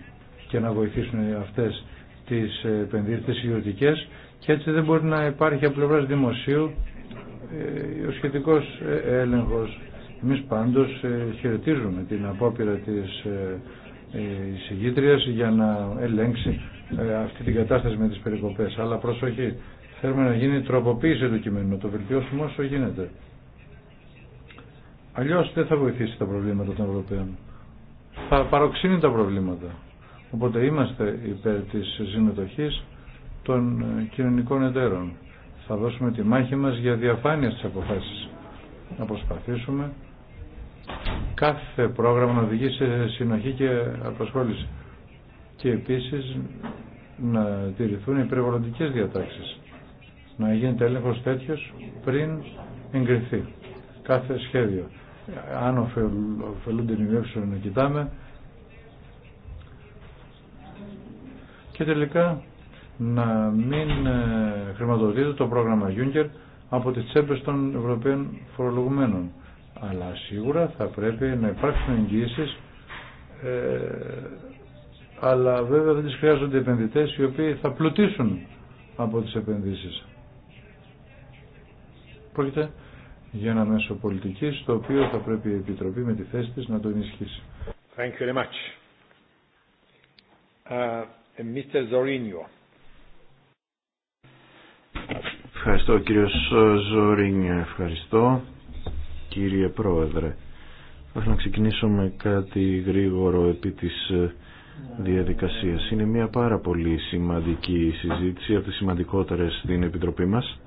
και να βοηθήσουν αυτές τις ε, επενδύσεις ιδιωτικέ, και έτσι δεν μπορεί να υπάρχει από πλευράς δημοσίου ο σχετικός έλεγχος εμείς πάντως ε, χαιρετίζουμε την απόπειρα της ε, ε, εισηγήτριας για να ελέγξει αυτή την κατάσταση με τις περικοπές. Αλλά προσοχή, θέλουμε να γίνει τροποποίηση του κειμένου, να το βελτιώσουμε όσο γίνεται. Αλλιώς δεν θα βοηθήσει τα προβλήματα των Ευρωπαίων. Θα παροξύνει τα προβλήματα. Οπότε είμαστε υπέρ της συμμετοχής των κοινωνικών εταίρων. Θα δώσουμε τη μάχη μας για διαφάνεια στις αποφάσεις. Να προσπαθήσουμε κάθε πρόγραμμα να οδηγεί σε συνοχή και απασχόληση. Και επίσης να τηρηθούν οι περιβαλλοντικές διατάξεις. Να γίνεται έλεγχος τέτοιος πριν εγκριθεί. Κάθε σχέδιο. Αν ωφελούνται οι να κοιτάμε. Και τελικά να μην ε, χρηματοδοτείται το πρόγραμμα Juncker από τις τσέπες των Ευρωπαίων φορολογουμένων αλλά σίγουρα θα πρέπει να υπάρξουν εγγύησεις ε, αλλά βέβαια δεν τις χρειάζονται επενδυτές οι οποίοι θα πλουτίσουν από τις επενδύσεις. Πρόκειται για ένα μέσο πολιτική το οποίο θα πρέπει η Επιτροπή με τη θέση της να το ενισχύσει. Thank you very much. Uh, Mr. Ευχαριστώ κύριος Ζωρίνιο, ευχαριστώ κύριε Πρόεδρε. Θα να ξεκινήσω με κάτι γρήγορο επί της ε, διαδικασίας. Είναι μια πάρα πολύ σημαντική συζήτηση, από τις σημαντικότερες στην Επιτροπή μας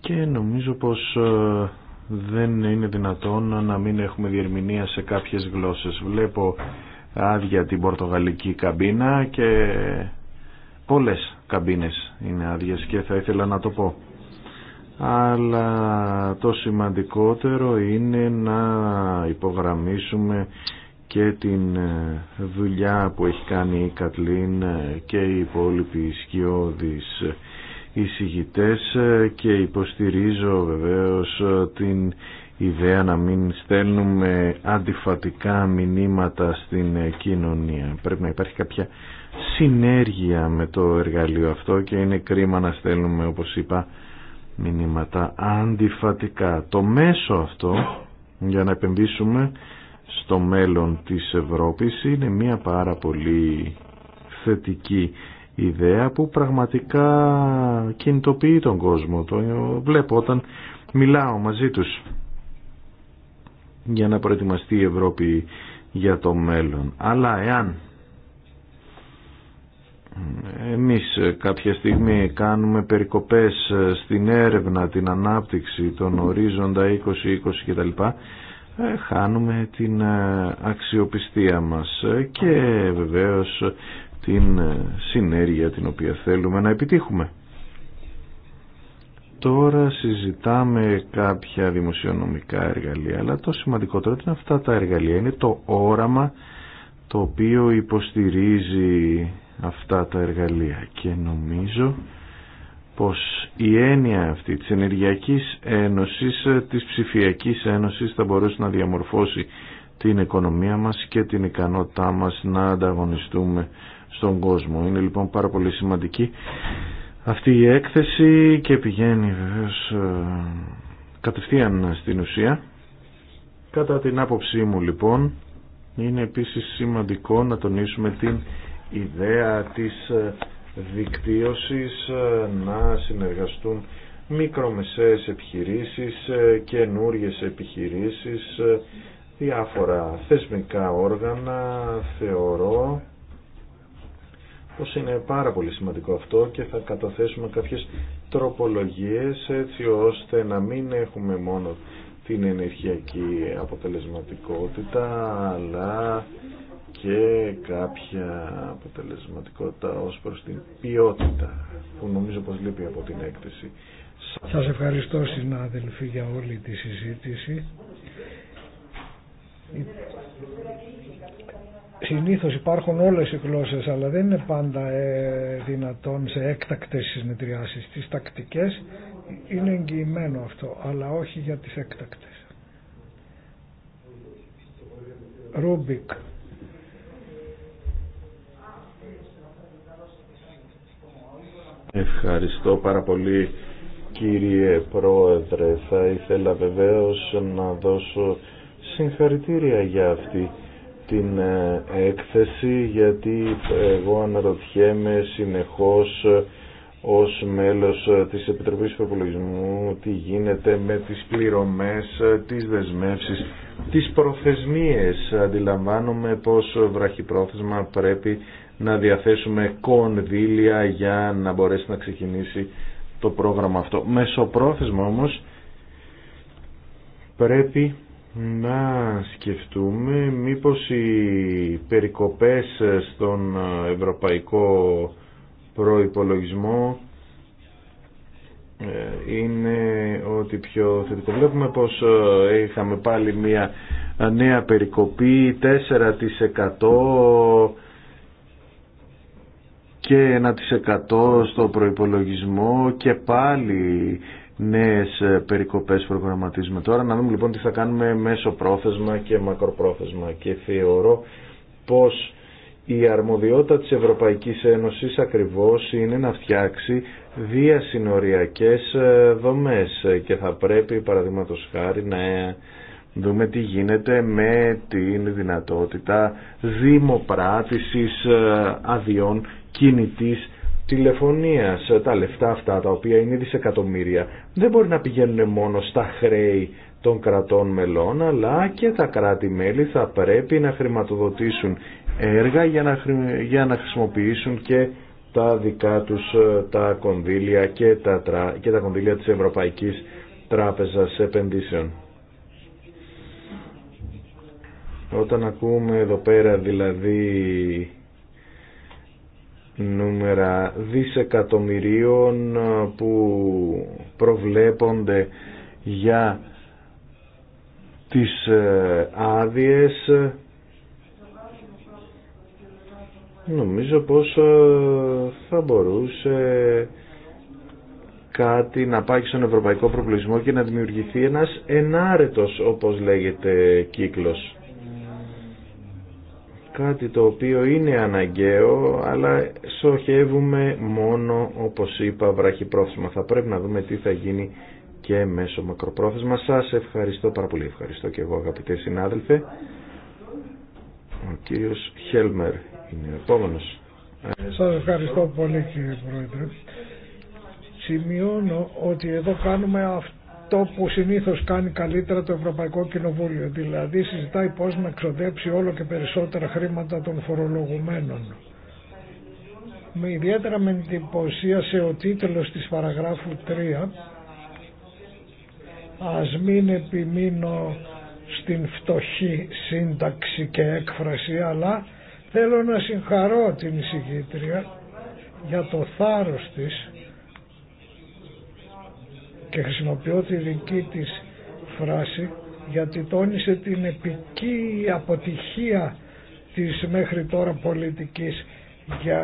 και νομίζω πως ε, δεν είναι δυνατόν να μην έχουμε διερμηνία σε κάποιες γλώσσες. Βλέπω άδεια την πορτογαλική καμπίνα και πολλές καμπίνες είναι άδειες και θα ήθελα να το πω αλλά το σημαντικότερο είναι να υπογραμμίσουμε και την ε, δουλειά που έχει κάνει η Κατλίν ε, και οι υπόλοιποι σκιώδεις εισηγητές ε, και υποστηρίζω βεβαίως την ιδέα να μην στέλνουμε αντιφατικά μηνύματα στην κοινωνία. Πρέπει να υπάρχει κάποια συνέργεια με το εργαλείο αυτό και είναι κρίμα να στέλνουμε όπως είπα μηνύματα αντιφατικά. Το μέσο αυτό για να επενδύσουμε στο μέλλον της Ευρώπης είναι μια πάρα πολύ θετική ιδέα που πραγματικά κινητοποιεί τον κόσμο. Το βλέπω όταν μιλάω μαζί τους για να προετοιμαστεί η Ευρώπη για το μέλλον. Αλλά εάν εμείς ε, κάποια στιγμή κάνουμε περικοπές ε, στην έρευνα, την ανάπτυξη, τον ορίζοντα 20-20 κτλ. Ε, χάνουμε την αξιοπιστία μας και βεβαίως την συνέργεια την οποία θέλουμε να επιτύχουμε. Τώρα συζητάμε κάποια δημοσιονομικά εργαλεία, αλλά το σημαντικότερο είναι αυτά τα εργαλεία. Είναι το όραμα το οποίο υποστηρίζει αυτά τα εργαλεία και νομίζω πως η έννοια αυτή της Ενεργειακής Ένωσης, της Ψηφιακής Ένωσης θα μπορούσε να διαμορφώσει την οικονομία μας και την ικανότητά μας να ανταγωνιστούμε στον κόσμο. Είναι λοιπόν πάρα πολύ σημαντική αυτή η έκθεση και πηγαίνει βεβαίως ε, κατευθείαν στην ουσία. Κατά την άποψή μου λοιπόν είναι επίσης σημαντικό να τονίσουμε την ιδέα της ε, δικτύωσης ε, να συνεργαστούν μικρομεσαίες επιχειρήσεις, ε, καινούριες επιχειρήσεις, διάφορα θεσμικά όργανα, θεωρώ πως είναι πάρα πολύ σημαντικό αυτό και θα καταθέσουμε κάποιες τροπολογίες έτσι ώστε να μην έχουμε μόνο την ενεργειακή αποτελεσματικότητα αλλά και κάποια αποτελεσματικότητα ως προς την ποιότητα που νομίζω πως λείπει από την έκθεση. Σας ευχαριστώ συνάδελφοι για όλη τη συζήτηση. Συνήθως υπάρχουν όλες οι γλώσσες αλλά δεν είναι πάντα ε, δυνατόν σε έκτακτες συνεδριάσεις. Τις τακτικές είναι εγγυημένο αυτό αλλά όχι για τις έκτακτες. Rubik Ευχαριστώ πάρα πολύ κύριε Πρόεδρε. Θα ήθελα βεβαίως να δώσω συγχαρητήρια για αυτή την ε, έκθεση γιατί εγώ αναρωτιέμαι συνεχώς ε, ως μέλος ε, της Επιτροπής Προπολογισμού τι γίνεται με τις πληρωμές, τις δεσμεύσεις, τις προθεσμίες. Αντιλαμβάνομαι πως βραχυπρόθεσμα πρέπει να διαθέσουμε κονδύλια για να μπορέσει να ξεκινήσει το πρόγραμμα αυτό. Μεσοπρόθεσμα όμως πρέπει να σκεφτούμε μήπως οι περικοπές στον ευρωπαϊκό προϋπολογισμό ε, είναι ότι πιο θετικό. Βλέπουμε πως ε, είχαμε πάλι μια ε, νέα περικοπή 4% και 1% στο προϋπολογισμό και πάλι νέες ε, περικοπές προγραμματίζουμε τώρα. Να δούμε λοιπόν τι θα κάνουμε μέσω πρόθεσμα και μακροπρόθεσμα και θεωρώ πως η αρμοδιότητα της Ευρωπαϊκής Ένωσης ακριβώς είναι να φτιάξει διασυνοριακές ε, δομές και θα πρέπει παραδείγματο χάρη να ε, δούμε τι γίνεται με την δυνατότητα δημοπράτησης αδειών κινητής τηλεφωνίας. Τα λεφτά αυτά τα οποία είναι δισεκατομμύρια δεν μπορεί να πηγαίνουν μόνο στα χρέη των κρατών μελών αλλά και τα κράτη-μέλη θα πρέπει να χρηματοδοτήσουν έργα για να, για να χρησιμοποιήσουν και τα δικά τους ε, τα κονδύλια και τα, τρα... και τα κονδύλια της Ευρωπαϊκής Τράπεζας Επενδύσεων. Όταν ακούμε εδώ πέρα δηλαδή νούμερα δισεκατομμυρίων ε, που προβλέπονται για τις ε, άδειες νομίζω πως ε, θα μπορούσε κάτι να πάει στον ευρωπαϊκό προπλησμό και να δημιουργηθεί ένας ενάρετος όπως λέγεται κύκλος κάτι το οποίο είναι αναγκαίο, αλλά σοχεύουμε μόνο, όπως είπα, βραχυπρόθεσμα. Θα πρέπει να δούμε τι θα γίνει και μέσω μακροπρόθεσμα. Σας ευχαριστώ πάρα πολύ. Ευχαριστώ και εγώ αγαπητέ συνάδελφε. Ο κύριος Χέλμερ είναι ο επόμενος. Σας ευχαριστώ πολύ κύριε Πρόεδρε. Σημειώνω ότι εδώ κάνουμε αυτό το που συνήθως κάνει καλύτερα το Ευρωπαϊκό Κοινοβούλιο, δηλαδή συζητάει πώς να ξοδέψει όλο και περισσότερα χρήματα των φορολογουμένων. Με ιδιαίτερα με εντυπωσίασε ο τίτλος της παραγράφου 3 ας μην επιμείνω στην φτωχή σύνταξη και έκφραση αλλά θέλω να συγχαρώ την εισηγήτρια για το θάρρος της και χρησιμοποιώ τη δική της φράση γιατί τόνισε την επική αποτυχία της μέχρι τώρα πολιτικής για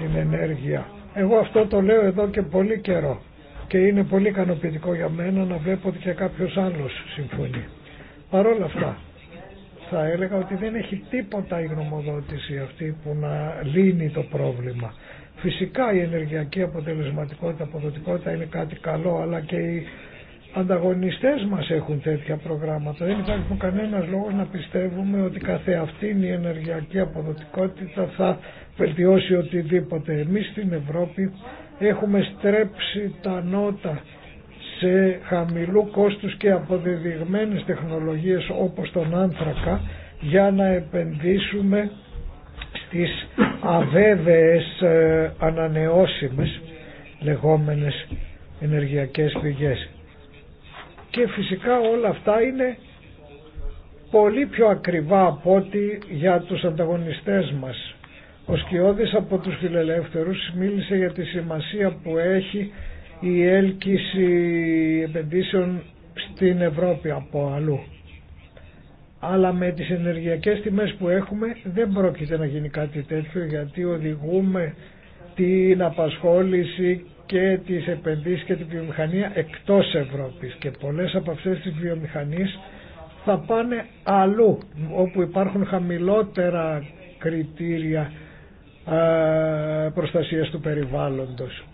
την ενέργεια. Εγώ αυτό το λέω εδώ και πολύ καιρό και είναι πολύ ικανοποιητικό για μένα να βλέπω ότι και κάποιος άλλος συμφωνεί. Παρ' όλα αυτά θα έλεγα ότι δεν έχει τίποτα η γνωμοδότηση αυτή που να λύνει το πρόβλημα. Φυσικά η ενεργειακή αποτελεσματικότητα, αποδοτικότητα είναι κάτι καλό, αλλά και οι ανταγωνιστές μας έχουν τέτοια προγράμματα. Δεν υπάρχει κανένας λόγος να πιστεύουμε ότι καθεαυτήν η ενεργειακή αποδοτικότητα θα βελτιώσει οτιδήποτε. Εμείς στην Ευρώπη έχουμε στρέψει τα νότα σε χαμηλού κόστους και αποδεδειγμένες τεχνολογίες όπως τον άνθρακα για να επενδύσουμε τις αβέβαιες ε, ανανεώσιμες λεγόμενες ενεργειακές πηγές. Και φυσικά όλα αυτά είναι πολύ πιο ακριβά από ό,τι για τους ανταγωνιστές μας. Ο Σκιώδης από τους φιλελεύθερους μίλησε για τη σημασία που έχει η έλκυση επενδύσεων στην Ευρώπη από αλλού αλλά με τις ενεργειακές τιμές που έχουμε δεν πρόκειται να γίνει κάτι τέτοιο γιατί οδηγούμε την απασχόληση και τις επενδύσεις και την βιομηχανία εκτός Ευρώπης και πολλές από αυτές τις βιομηχανίες θα πάνε αλλού όπου υπάρχουν χαμηλότερα κριτήρια προστασίας του περιβάλλοντος.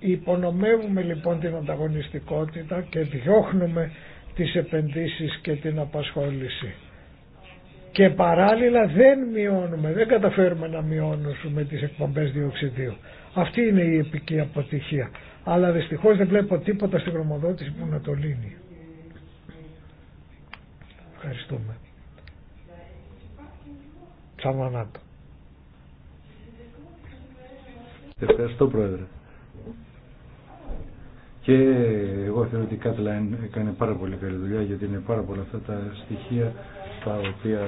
Υπονομεύουμε λοιπόν την ανταγωνιστικότητα και διώχνουμε τις επενδύσεις και την απασχόληση. Και παράλληλα δεν μειώνουμε, δεν καταφέρουμε να μειώνουμε τις εκπομπές διοξιδίου. Αυτή είναι η επική αποτυχία. Αλλά δυστυχώς δεν βλέπω τίποτα στην γνωμοδότηση που να το λύνει. Ευχαριστούμε. Τσαμανάτο. Ευχαριστώ Πρόεδρε. Και εγώ θεωρώ ότι η Κάτλα έκανε πάρα πολύ καλή δουλειά γιατί είναι πάρα πολλά αυτά τα στοιχεία τα οποία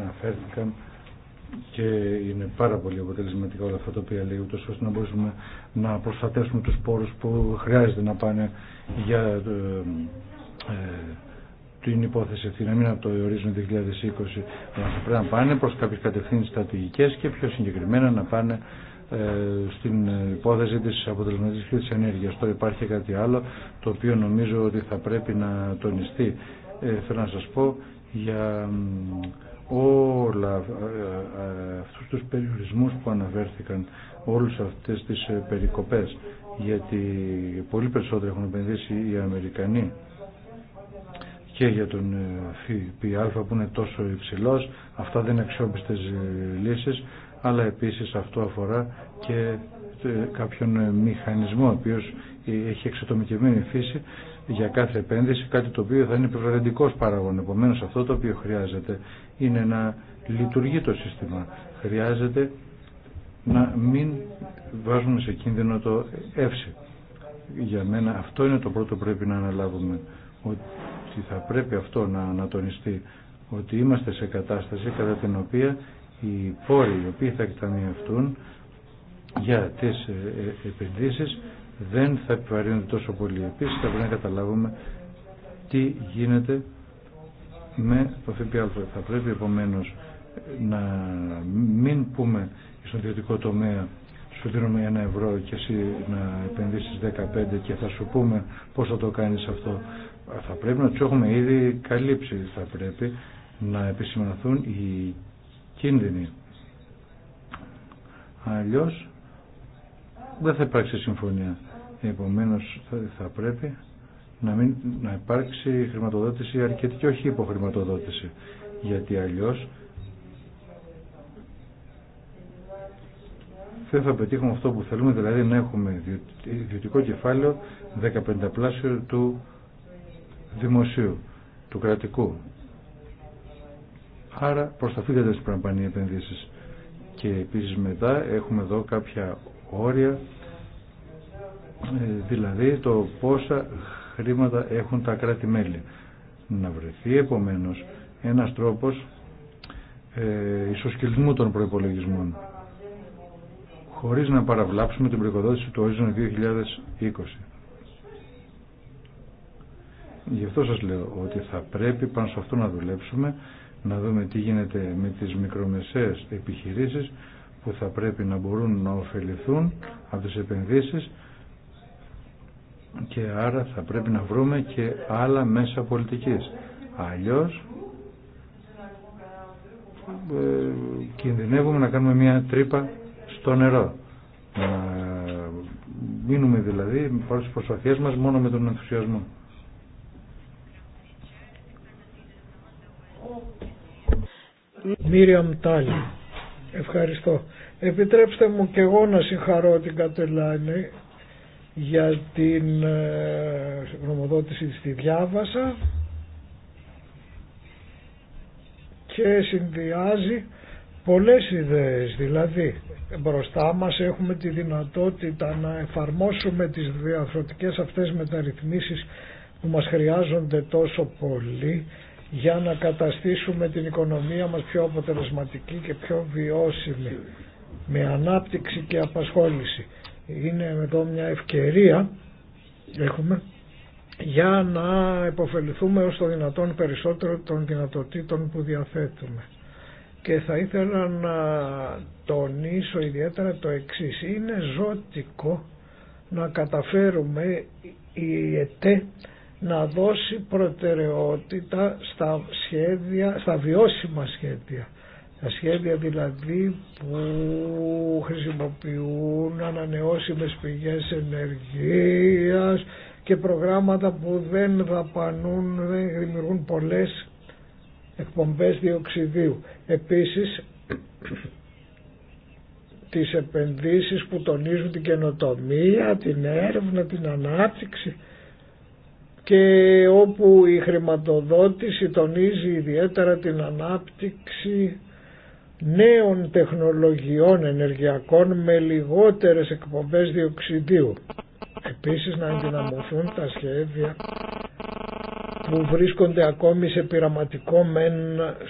αναφέρθηκαν και είναι πάρα πολύ αποτελεσματικά όλα αυτά τα οποία λέει ούτως ώστε να μπορούμε να προστατεύσουμε τους πόρους που χρειάζεται να πάνε για ε, την υπόθεση αυτή να μην από το ορίζον 2020 να πρέπει να πάνε προς κάποιες κατευθύνσεις στρατηγικές και πιο συγκεκριμένα να πάνε ε, στην υπόθεση της αποτελεσματικής της ενέργειας. Τώρα υπάρχει κάτι άλλο το οποίο νομίζω ότι θα πρέπει να τονιστεί. Ε, θέλω να σας πω για όλα ε, αυτούς τους περιορισμούς που αναφέρθηκαν όλους αυτές τις περικοπές γιατί πολύ περισσότερο έχουν επενδύσει οι Αμερικανοί και για τον ΦΠΑ που είναι τόσο υψηλός αυτά δεν είναι αξιόπιστες λύσεις αλλά επίσης αυτό αφορά και ε, κάποιον ε, μηχανισμό ο οποίος ε, έχει εξατομικευμένη φύση για κάθε επένδυση, κάτι το οποίο θα είναι επιβραδυντικός παράγον. Επομένως αυτό το οποίο χρειάζεται είναι να λειτουργεί το σύστημα. Χρειάζεται να μην βάζουμε σε κίνδυνο το εύση. Για μένα αυτό είναι το πρώτο που πρέπει να αναλάβουμε. Ότι θα πρέπει αυτό να ανατονιστεί. Ότι είμαστε σε κατάσταση κατά την οποία οι πόροι οι οποίοι θα εκταμιευτούν για τις ε, ε, επενδύσεις δεν θα επιβαρύνουν τόσο πολύ. Επίσης θα πρέπει να καταλάβουμε τι γίνεται με το ΦΠΑ. Θα πρέπει επομένως να μην πούμε στον ιδιωτικό τομέα σου δίνουμε ένα ευρώ και εσύ να επενδύσεις 15 και θα σου πούμε πώς θα το κάνεις αυτό. Θα πρέπει να του έχουμε ήδη καλύψει. Θα πρέπει να επισημανθούν οι κίνδυνοι. Αλλιώς δεν θα υπάρξει συμφωνία. Επομένως θα πρέπει να, μην, να υπάρξει χρηματοδότηση αρκετή και όχι υποχρηματοδότηση. Γιατί αλλιώς δεν θα πετύχουμε αυτό που θέλουμε, δηλαδή να έχουμε ιδιωτικό κεφάλαιο 15 πλάσιο του δημοσίου, του κρατικού. Άρα προσταθήκατε τα αυτή επενδύσει. Και επίσης μετά έχουμε εδώ κάποια όρια, ε, δηλαδή το πόσα χρήματα έχουν τα κράτη-μέλη. Να βρεθεί επομένως ένας τρόπος ε, ισοσκελισμού των προϋπολογισμών χωρίς να παραβλάψουμε την προϋποδότηση του ορίζον 2020. Γι' αυτό σας λέω ότι θα πρέπει πάνω σε αυτό να δουλέψουμε να δούμε τι γίνεται με τις μικρομεσαίες επιχειρήσεις που θα πρέπει να μπορούν να ωφεληθούν από τις επενδύσεις και άρα θα πρέπει να βρούμε και άλλα μέσα πολιτικής. Αλλιώς ε, κινδυνεύουμε να κάνουμε μια τρύπα στο νερό. Να μείνουμε δηλαδή με τις προσπαθίες μας μόνο με τον ενθουσιασμό. Μίριαμ Τάλι. Ευχαριστώ. Επιτρέψτε μου και εγώ να συγχαρώ την Κατελάνη για την ε, γνωμοδότηση της τη διάβασα και συνδυάζει πολλές ιδέες δηλαδή μπροστά μας έχουμε τη δυνατότητα να εφαρμόσουμε τις διαφορετικές αυτές μεταρρυθμίσεις που μας χρειάζονται τόσο πολύ για να καταστήσουμε την οικονομία μας πιο αποτελεσματική και πιο βιώσιμη με ανάπτυξη και απασχόληση. Είναι εδώ μια ευκαιρία έχουμε για να υποφεληθούμε ως το δυνατόν περισσότερο των δυνατοτήτων που διαθέτουμε. Και θα ήθελα να τονίσω ιδιαίτερα το εξής. Είναι ζώτικο να καταφέρουμε η ΕΤΕ να δώσει προτεραιότητα στα, σχέδια, στα βιώσιμα σχέδια. Τα σχέδια δηλαδή που χρησιμοποιούν ανανεώσιμες πηγές ενεργείας και προγράμματα που δεν δαπανούν, δεν δημιουργούν πολλές εκπομπές διοξιδίου. Επίσης, τις επενδύσεις που τονίζουν την καινοτομία, την έρευνα, την ανάπτυξη και όπου η χρηματοδότηση τονίζει ιδιαίτερα την ανάπτυξη νέων τεχνολογιών ενεργειακών με λιγότερες εκπομπές διοξιδίου. Επίσης να ενδυναμωθούν τα σχέδια που βρίσκονται ακόμη σε πειραματικό μεν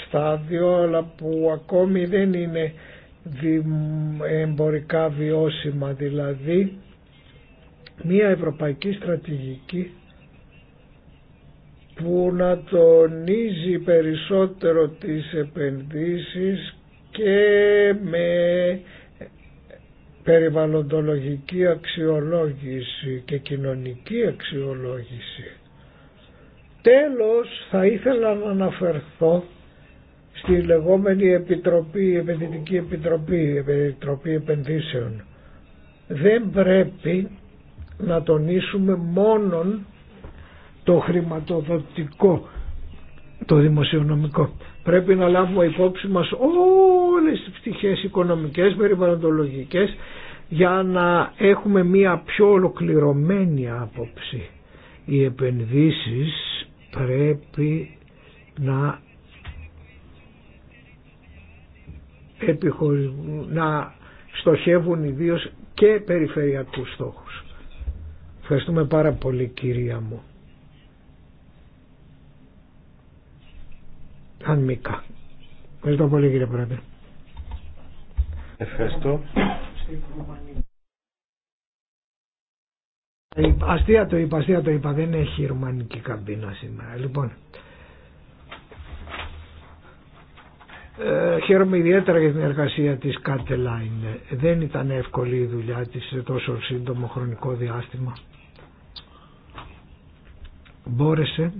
στάδιο αλλά που ακόμη δεν είναι εμπορικά βιώσιμα δηλαδή μια ευρωπαϊκή στρατηγική που να τονίζει περισσότερο τις επενδύσεις και με περιβαλλοντολογική αξιολόγηση και κοινωνική αξιολόγηση. Τέλος θα ήθελα να αναφερθώ στη λεγόμενη Επιτροπή, Επενδυτική Επιτροπή, Επιτροπή Επενδύσεων. Δεν πρέπει να τονίσουμε μόνον το χρηματοδοτικό, το δημοσιονομικό. Πρέπει να λάβουμε υπόψη μας όλες τις πτυχές οικονομικές, περιβαλλοντολογικές για να έχουμε μία πιο ολοκληρωμένη άποψη. Οι επενδύσεις πρέπει να να στοχεύουν ιδίως και περιφερειακούς στόχους. Ευχαριστούμε πάρα πολύ κυρία μου. Αν Ευχαριστώ πολύ κύριε Πρόεδρε. Ευχαριστώ. Ε, αστεία το είπα, αστεία το είπα. Δεν έχει ρουμανική καμπίνα σήμερα. Λοιπόν, ε, χαίρομαι ιδιαίτερα για την εργασία της Κάτελάιν. Δεν ήταν εύκολη η δουλειά της σε τόσο σύντομο χρονικό διάστημα. Μπόρεσε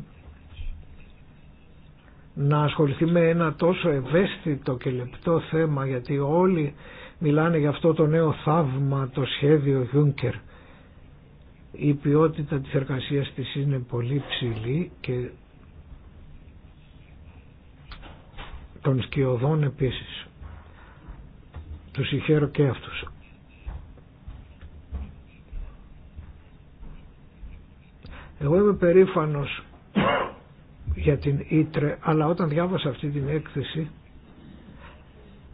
να ασχοληθεί με ένα τόσο ευαίσθητο και λεπτό θέμα γιατί όλοι μιλάνε για αυτό το νέο θαύμα, το σχέδιο Juncker. Η ποιότητα της εργασίας της είναι πολύ ψηλή και των σκιωδών επίσης. του συγχαίρω και αυτούς. Εγώ είμαι περήφανος για την Ήτρε, αλλά όταν διάβασα αυτή την έκθεση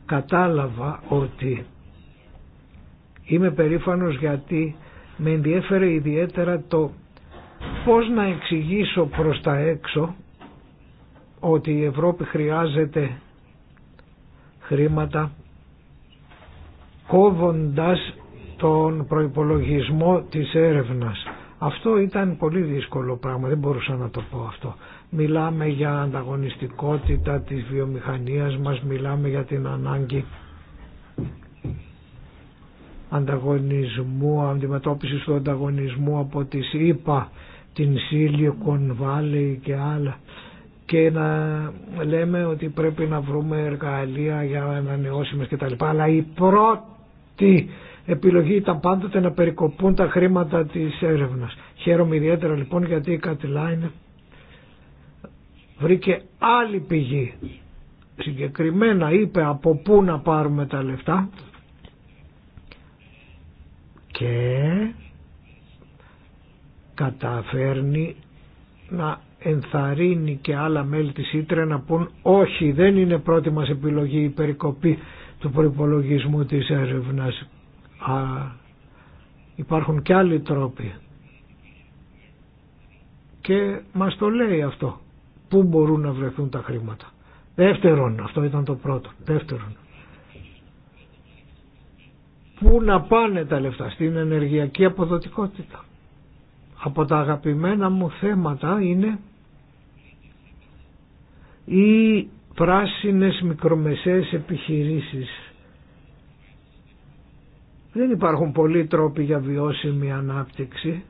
κατάλαβα ότι είμαι περήφανος γιατί με ενδιέφερε ιδιαίτερα το πώς να εξηγήσω προς τα έξω ότι η Ευρώπη χρειάζεται χρήματα κόβοντας τον προϋπολογισμό της έρευνας. Αυτό ήταν πολύ δύσκολο πράγμα, δεν μπορούσα να το πω αυτό. Μιλάμε για ανταγωνιστικότητα της βιομηχανίας μας, μιλάμε για την ανάγκη ανταγωνισμού, αντιμετώπισης του ανταγωνισμού από τις ΗΠΑ, την Silicon Valley και άλλα και να λέμε ότι πρέπει να βρούμε εργαλεία για να τα κτλ. Αλλά η πρώτη επιλογή ήταν πάντοτε να περικοπούν τα χρήματα της έρευνας. Χαίρομαι ιδιαίτερα λοιπόν γιατί η βρήκε άλλη πηγή. Συγκεκριμένα είπε από πού να πάρουμε τα λεφτά και καταφέρνει να ενθαρρύνει και άλλα μέλη της Ήτρε να πούν όχι δεν είναι πρώτη μας επιλογή η περικοπή του προϋπολογισμού της έρευνας. υπάρχουν και άλλοι τρόποι και μας το λέει αυτό πού μπορούν να βρεθούν τα χρήματα. Δεύτερον, αυτό ήταν το πρώτο. Δεύτερον, πού να πάνε τα λεφτά στην ενεργειακή αποδοτικότητα. Από τα αγαπημένα μου θέματα είναι οι πράσινες μικρομεσαίες επιχειρήσεις. Δεν υπάρχουν πολλοί τρόποι για βιώσιμη ανάπτυξη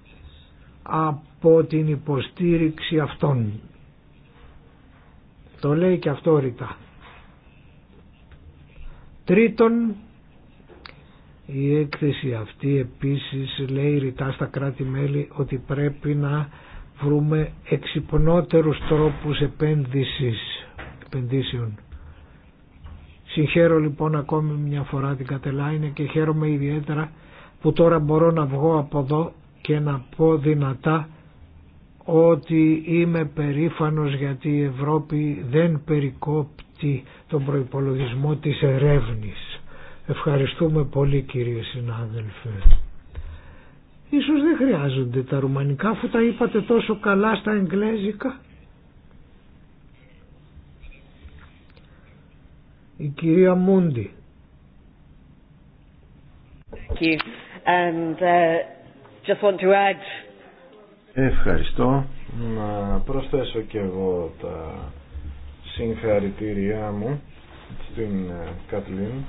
από την υποστήριξη αυτών. Το λέει και αυτό ρητά. Τρίτον, η έκθεση αυτή επίσης λέει ρητά στα κράτη-μέλη ότι πρέπει να βρούμε εξυπνότερους τρόπους επένδυσης, επενδύσεων. Συγχαίρω λοιπόν ακόμη μια φορά την Κατελάινε και χαίρομαι ιδιαίτερα που τώρα μπορώ να βγω από εδώ και να πω δυνατά ότι είμαι περήφανος γιατί η Ευρώπη δεν περικόπτει τον προϋπολογισμό της ερεύνης. Ευχαριστούμε πολύ κύριε συνάδελφε. Ίσως δεν χρειάζονται τα ρουμανικά αφού τα είπατε τόσο καλά στα εγγλέζικα. Η κυρία Μούντι. And, uh, Ευχαριστώ. Να προσθέσω και εγώ τα συγχαρητήριά μου στην ε, Κατλίν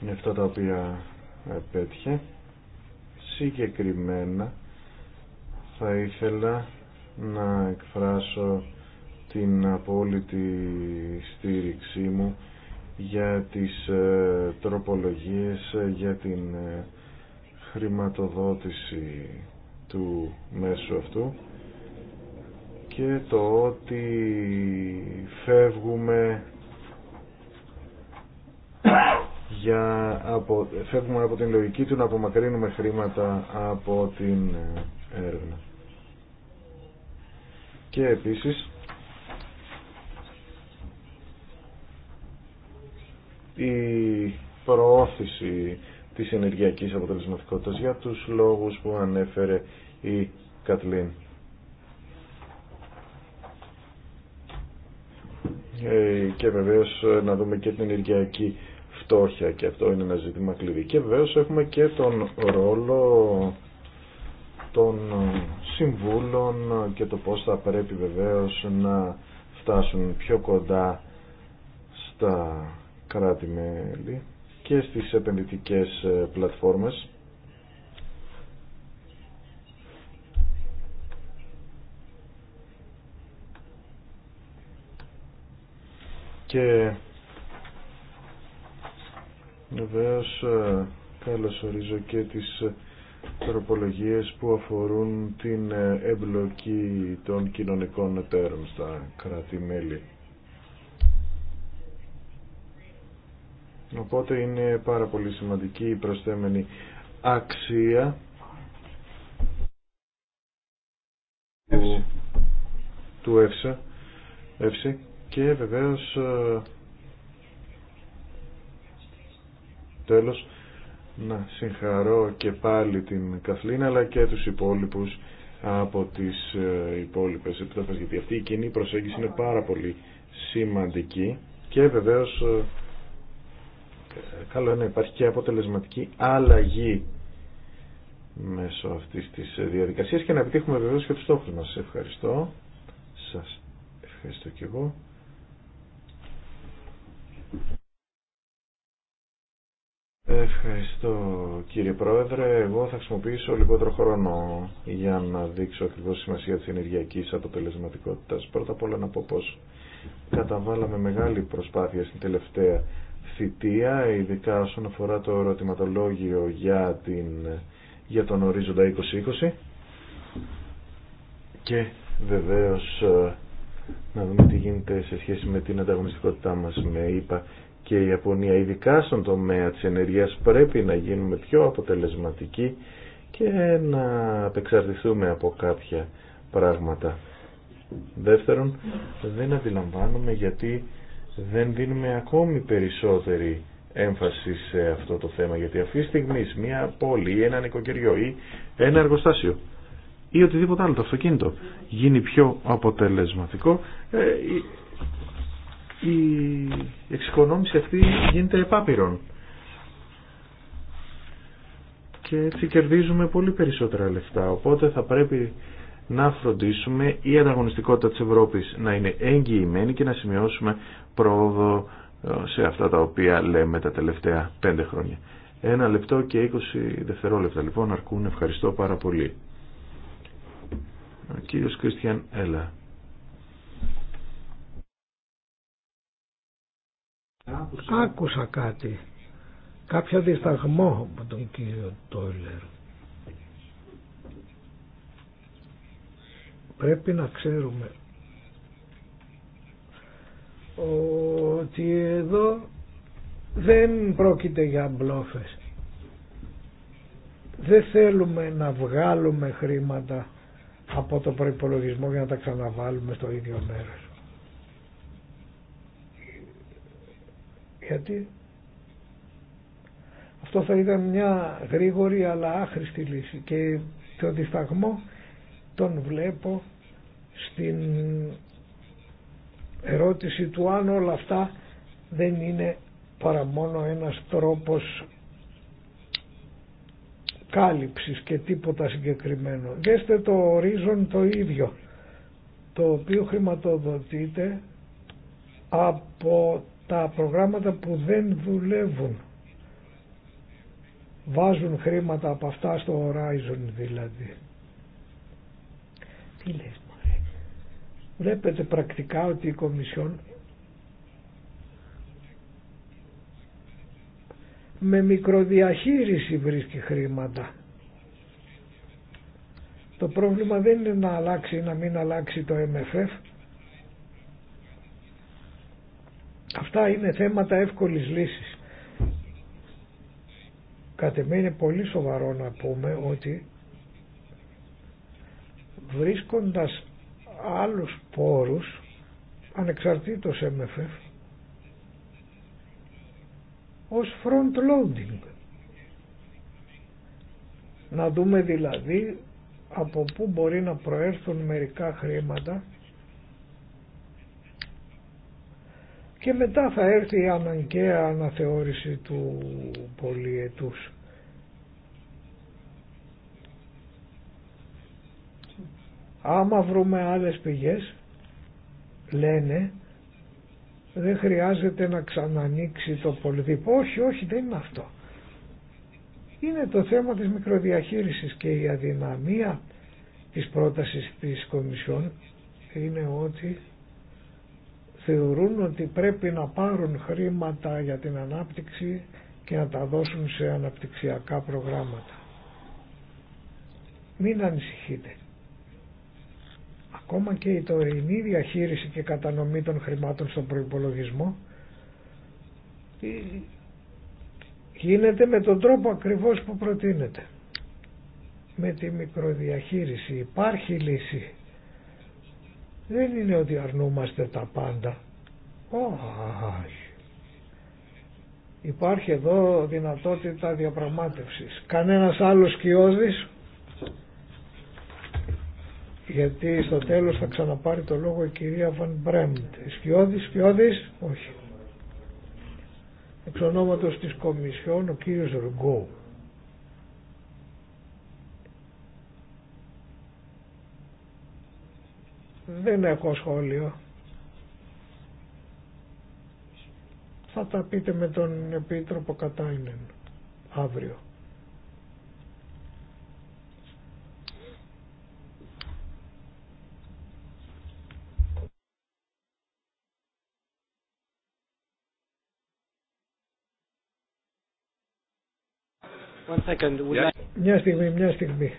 για αυτά τα οποία ε, πέτυχε. Συγκεκριμένα θα ήθελα να εκφράσω την απόλυτη στήριξή μου για τις ε, τροπολογίες, για την χρηματοδότηση του μέσου αυτού και το ότι φεύγουμε για από, φεύγουμε από την λογική του να απομακρύνουμε χρήματα από την έρευνα. Και επίσης η προώθηση της ενεργειακής αποτελεσματικότητας για τους λόγους που ανέφερε η Κατλίν. Ε, και βεβαίως ε, να δούμε και την ενεργειακή φτώχεια και αυτό είναι ένα ζήτημα κλειδί. Και βεβαίως έχουμε και τον ρόλο των ε, συμβούλων και το πώς θα πρέπει βεβαίως να φτάσουν πιο κοντά στα κράτη-μέλη και στις επενδυτικές ε, πλατφόρμες. Και βεβαίω ε, καλωσορίζω και τις ε, τροπολογίες που αφορούν την εμπλοκή των κοινωνικών εταίρων στα κράτη-μέλη. Οπότε είναι πάρα πολύ σημαντική η προσθέμενη αξία του, του ΕΦΣΑ, και βεβαίως ε, τέλος να συγχαρώ και πάλι την Καθλίνα αλλά και τους υπόλοιπους από τις ε, υπόλοιπες επιτροπές γιατί αυτή η κοινή προσέγγιση είναι πάρα πολύ σημαντική και βεβαίως ε, καλό είναι να υπάρχει και αποτελεσματική αλλαγή μέσω αυτής της διαδικασίας και να επιτύχουμε βεβαίως και τους στόχους μας. Ευχαριστώ. Σας ευχαριστώ και εγώ. Ευχαριστώ κύριε Πρόεδρε. Εγώ θα χρησιμοποιήσω λιγότερο χρόνο για να δείξω ακριβώς τη σημασία της ενεργειακής αποτελεσματικότητας. Πρώτα απ' όλα να πω πως καταβάλαμε μεγάλη προσπάθεια στην τελευταία θητεία, ειδικά όσον αφορά το ερωτηματολόγιο για, την, για τον ορίζοντα 2020 και βεβαίως ε, να δούμε τι γίνεται σε σχέση με την ανταγωνιστικότητά μας με ΕΙΠΑ και η Ιαπωνία ειδικά στον τομέα της ενέργειας πρέπει να γίνουμε πιο αποτελεσματικοί και να απεξαρτηθούμε από κάποια πράγματα. Δεύτερον, δεν αντιλαμβάνομαι γιατί δεν δίνουμε ακόμη περισσότερη έμφαση σε αυτό το θέμα γιατί αυτή τη στιγμή μια πόλη ή ένα νοικοκυριό ή ένα εργοστάσιο ή οτιδήποτε άλλο το αυτοκίνητο γίνει πιο αποτελεσματικό ε, η εξοικονόμηση αυτή γίνεται επάπειρον και έτσι κερδίζουμε πολύ περισσότερα λεφτά οπότε θα πρέπει να φροντίσουμε η ανταγωνιστικότητα της Ευρώπης να είναι εγγυημένη και να σημειώσουμε πρόοδο ε, σε αυτά τα οποία λέμε τα τελευταία πέντε χρόνια. Ένα λεπτό και 20 δευτερόλεπτα λοιπόν αρκούν. Ευχαριστώ πάρα πολύ. Ο κύριος Κρίστιαν Έλα. Άκουσα κάτι. Κάποιο δισταγμό από τον κύριο Τόιλερ. Πρέπει να ξέρουμε ότι εδώ δεν πρόκειται για μπλόφες. Δεν θέλουμε να βγάλουμε χρήματα από το προϋπολογισμό για να τα ξαναβάλουμε στο ίδιο μέρος. Γιατί αυτό θα ήταν μια γρήγορη αλλά άχρηστη λύση και το δισταγμό τον βλέπω στην ερώτηση του αν όλα αυτά δεν είναι παρά μόνο ένας τρόπος κάλυψης και τίποτα συγκεκριμένο. Δέστε το ορίζον το ίδιο, το οποίο χρηματοδοτείται από τα προγράμματα που δεν δουλεύουν. Βάζουν χρήματα από αυτά στο Horizon δηλαδή. Τι Βλέπετε πρακτικά ότι η Κομισιόν με μικροδιαχείριση βρίσκει χρήματα. Το πρόβλημα δεν είναι να αλλάξει ή να μην αλλάξει το MFF. Αυτά είναι θέματα εύκολης λύσης. Κατ' εμένα είναι πολύ σοβαρό να πούμε ότι βρίσκοντας άλλους πόρους ανεξαρτήτως MFF ως front loading. Να δούμε δηλαδή από πού μπορεί να προέρθουν μερικά χρήματα και μετά θα έρθει η αναγκαία αναθεώρηση του πολιετούς Άμα βρούμε άλλες πηγές, λένε, δεν χρειάζεται να ξανανοίξει το πολιτικό, Όχι, όχι, δεν είναι αυτό. Είναι το θέμα της μικροδιαχείρισης και η αδυναμία της πρότασης της Κομισιόν είναι ότι θεωρούν ότι πρέπει να πάρουν χρήματα για την ανάπτυξη και να τα δώσουν σε αναπτυξιακά προγράμματα. Μην ανησυχείτε. Ακόμα και η τωρινή διαχείριση και κατανομή των χρημάτων στον προϋπολογισμό ε, γίνεται με τον τρόπο ακριβώς που προτείνεται. Με τη μικροδιαχείριση υπάρχει λύση. Δεν είναι ότι αρνούμαστε τα πάντα. Όχι. Υπάρχει εδώ δυνατότητα διαπραγμάτευσης. Κανένας άλλος σκιώδης γιατί στο τέλος θα ξαναπάρει το λόγο η κυρία Βαν Σκιώδη, Σκιώδης, σκιώδης, όχι. Εξ ονόματος της Κομισιόν ο κύριος Ρουγκό. Δεν έχω σχόλιο. Θα τα πείτε με τον Επίτροπο Κατάινεν αύριο. Μια στιγμή, μια στιγμή.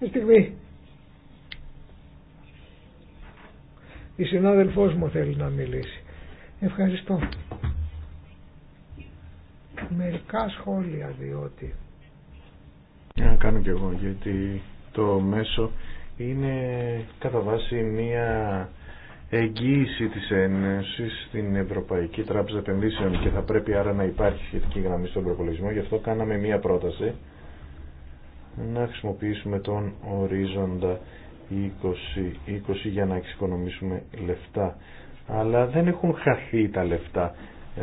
Μια στιγμή. Η συνάδελφός μου θέλει να μιλήσει. Ευχαριστώ. Μερικά σχόλια διότι. Να κάνω κι εγώ γιατί το μέσο είναι κατά βάση μία εγγύηση της Ένωσης στην Ευρωπαϊκή Τράπεζα Επενδύσεων και θα πρέπει άρα να υπάρχει σχετική γραμμή στον προπολογισμό. Γι' αυτό κάναμε μία πρόταση να χρησιμοποιήσουμε τον ορίζοντα 20, 20 για να εξοικονομήσουμε λεφτά. Αλλά δεν έχουν χαθεί τα λεφτά ε,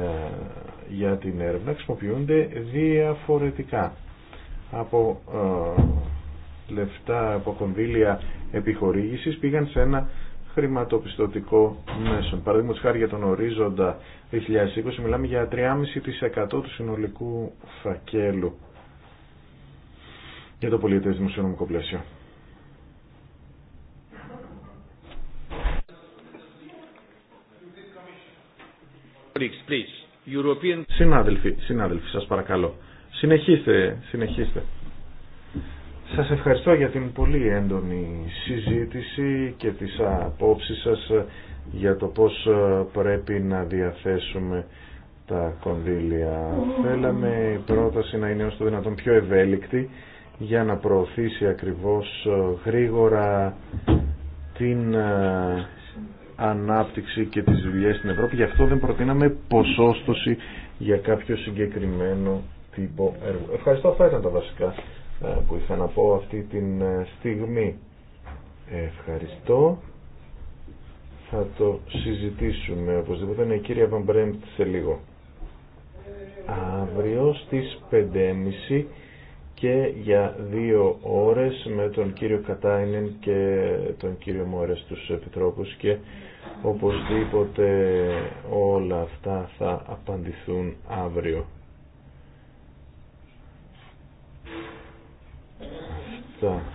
για την έρευνα, χρησιμοποιούνται διαφορετικά από ε, λεφτά από κονδύλια επιχορήγησης πήγαν σε ένα χρηματοπιστωτικό μέσο. Παραδείγματο χάρη για τον ορίζοντα 2020 μιλάμε για 3,5% του συνολικού φακέλου για το πολιτές δημοσιονομικό πλαίσιο. Συνάδελφοι, συνάδελφοι, σας παρακαλώ. Συνεχίστε, συνεχίστε. Σας ευχαριστώ για την πολύ έντονη συζήτηση και τις απόψεις σας για το πώς ε, πρέπει να διαθέσουμε τα κονδύλια. Θέλαμε η πρόταση να είναι ως το δυνατόν πιο ευέλικτη για να προωθήσει ακριβώς ε, γρήγορα την ε, ανάπτυξη και τις δουλειές στην Ευρώπη. Γι' αυτό δεν προτείναμε ποσόστοση για κάποιο συγκεκριμένο τύπο έργου. Ευχαριστώ. Αυτά ήταν τα βασικά ε, που ήθελα να πω αυτή τη ε, στιγμή. Ευχαριστώ. Θα το συζητήσουμε οπωσδήποτε. Είναι η κυρία Βαμπρέμπτ σε λίγο. Αύριο στις 5.30 και για δύο ώρες με τον κύριο Κατάινεν και τον κύριο Μόρε τους επιτρόπους και οπωσδήποτε όλα αυτά θα απαντηθούν αύριο.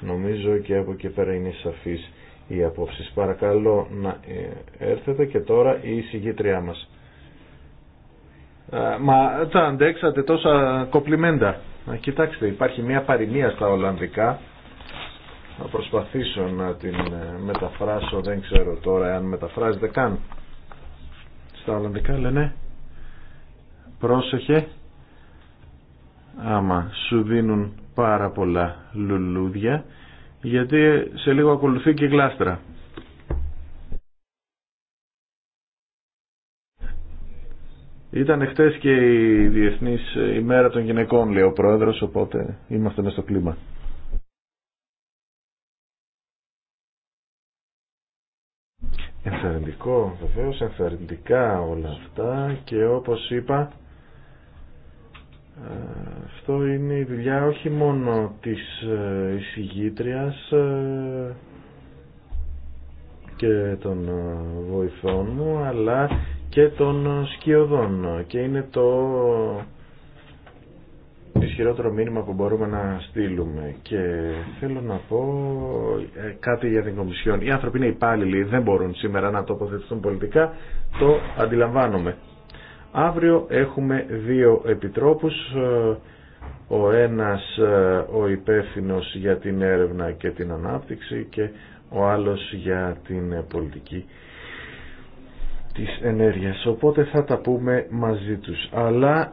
νομίζω και από εκεί πέρα είναι σαφής η απόψη. Παρακαλώ να ε, έρθετε και τώρα η συγγήτριά μας. Ε, μα τα αντέξατε τόσα κοπλιμέντα. Κοιτάξτε υπάρχει μια παροιμία στα Ολλανδικά. Θα προσπαθήσω να την ε, μεταφράσω. Δεν ξέρω τώρα αν μεταφράζεται καν. Στα Ολλανδικά λένε πρόσεχε άμα σου δίνουν πάρα πολλά λουλούδια γιατί σε λίγο ακολουθεί και η γλάστρα. Ήταν χτες και η Διεθνής ημέρα των γυναικών, λέει ο Πρόεδρος, οπότε είμαστε μέσα στο κλίμα. Ενθαρρυντικό βεβαίω, ενθαρρυντικά όλα αυτά και όπως είπα αυτό είναι η δουλειά όχι μόνο της ε, εισηγήτριας ε, και των ε, βοηθών μου αλλά και των σκιωδών και είναι το ισχυρότερο μήνυμα που μπορούμε να στείλουμε και θέλω να πω κάτι για την Κομισιόν οι άνθρωποι είναι υπάλληλοι δεν μπορούν σήμερα να τοποθετηθούν πολιτικά το αντιλαμβάνομαι Αύριο έχουμε δύο επιτρόπους, ο ένας ε, ο υπεύθυνος για την έρευνα και την ανάπτυξη και ο άλλος για την πολιτική της ενέργειας. Οπότε θα τα πούμε μαζί τους. Αλλά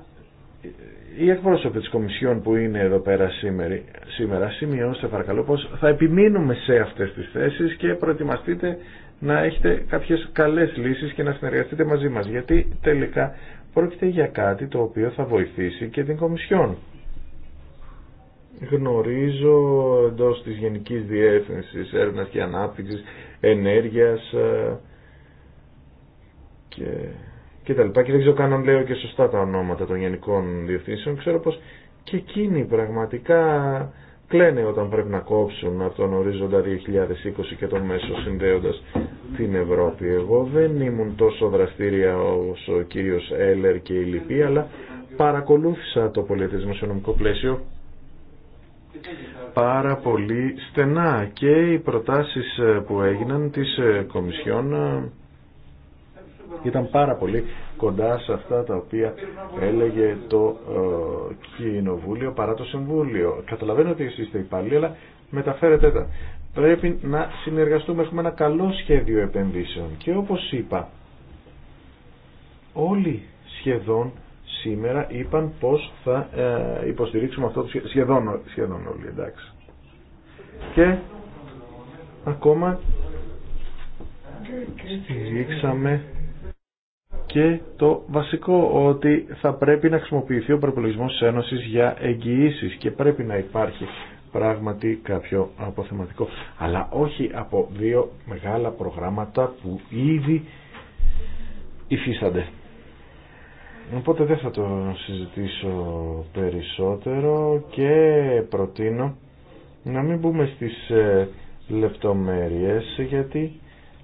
οι εκπρόσωποι της Κομισιόν που είναι εδώ πέρα σήμερα, σήμερα σημειώστε παρακαλώ πως θα επιμείνουμε σε αυτές τις θέσεις και προετοιμαστείτε να έχετε κάποιες καλές λύσεις και να συνεργαστείτε μαζί μας, γιατί τελικά πρόκειται για κάτι το οποίο θα βοηθήσει και την Κομισιόν. Γνωρίζω εντό τη γενική διεύθυνση έρευνα και ανάπτυξη Ενέργειας ε, και, τα λοιπά και δεν ξέρω καν αν λέω και σωστά τα ονόματα των Γενικών Διευθύνσεων. Ξέρω πως και εκείνοι πραγματικά κλαίνε όταν πρέπει να κόψουν από τον ορίζοντα 2020 και τον μέσο συνδέοντας την Ευρώπη. Εγώ δεν ήμουν τόσο δραστήρια όσο ο κύριος Έλερ και η Λυπή, αλλά παρακολούθησα το πολιτισμό νομικό πλαίσιο πάρα πολύ στενά και οι προτάσεις που έγιναν της Κομισιόν ε, ήταν πάρα πολύ κοντά σε αυτά τα οποία έλεγε το ε, Κοινοβούλιο παρά το Συμβούλιο. Καταλαβαίνω ότι εσείς είστε υπάλληλοι, αλλά μεταφέρετε τα. Πρέπει να συνεργαστούμε, έχουμε ένα καλό σχέδιο επενδύσεων και όπως είπα, όλοι σχεδόν σήμερα είπαν πως θα ε, υποστηρίξουμε αυτό το σχέδιο σχεδόν, σχεδόν όλοι, εντάξει. Και ακόμα στηρίξαμε και το βασικό ότι θα πρέπει να χρησιμοποιηθεί ο προπολογισμό τη Ένωση για εγγυήσει και πρέπει να υπάρχει πράγματι κάποιο αποθεματικό. Αλλά όχι από δύο μεγάλα προγράμματα που ήδη υφίστανται. Οπότε δεν θα το συζητήσω περισσότερο και προτείνω να μην μπούμε στις ε, λεπτομέρειες γιατί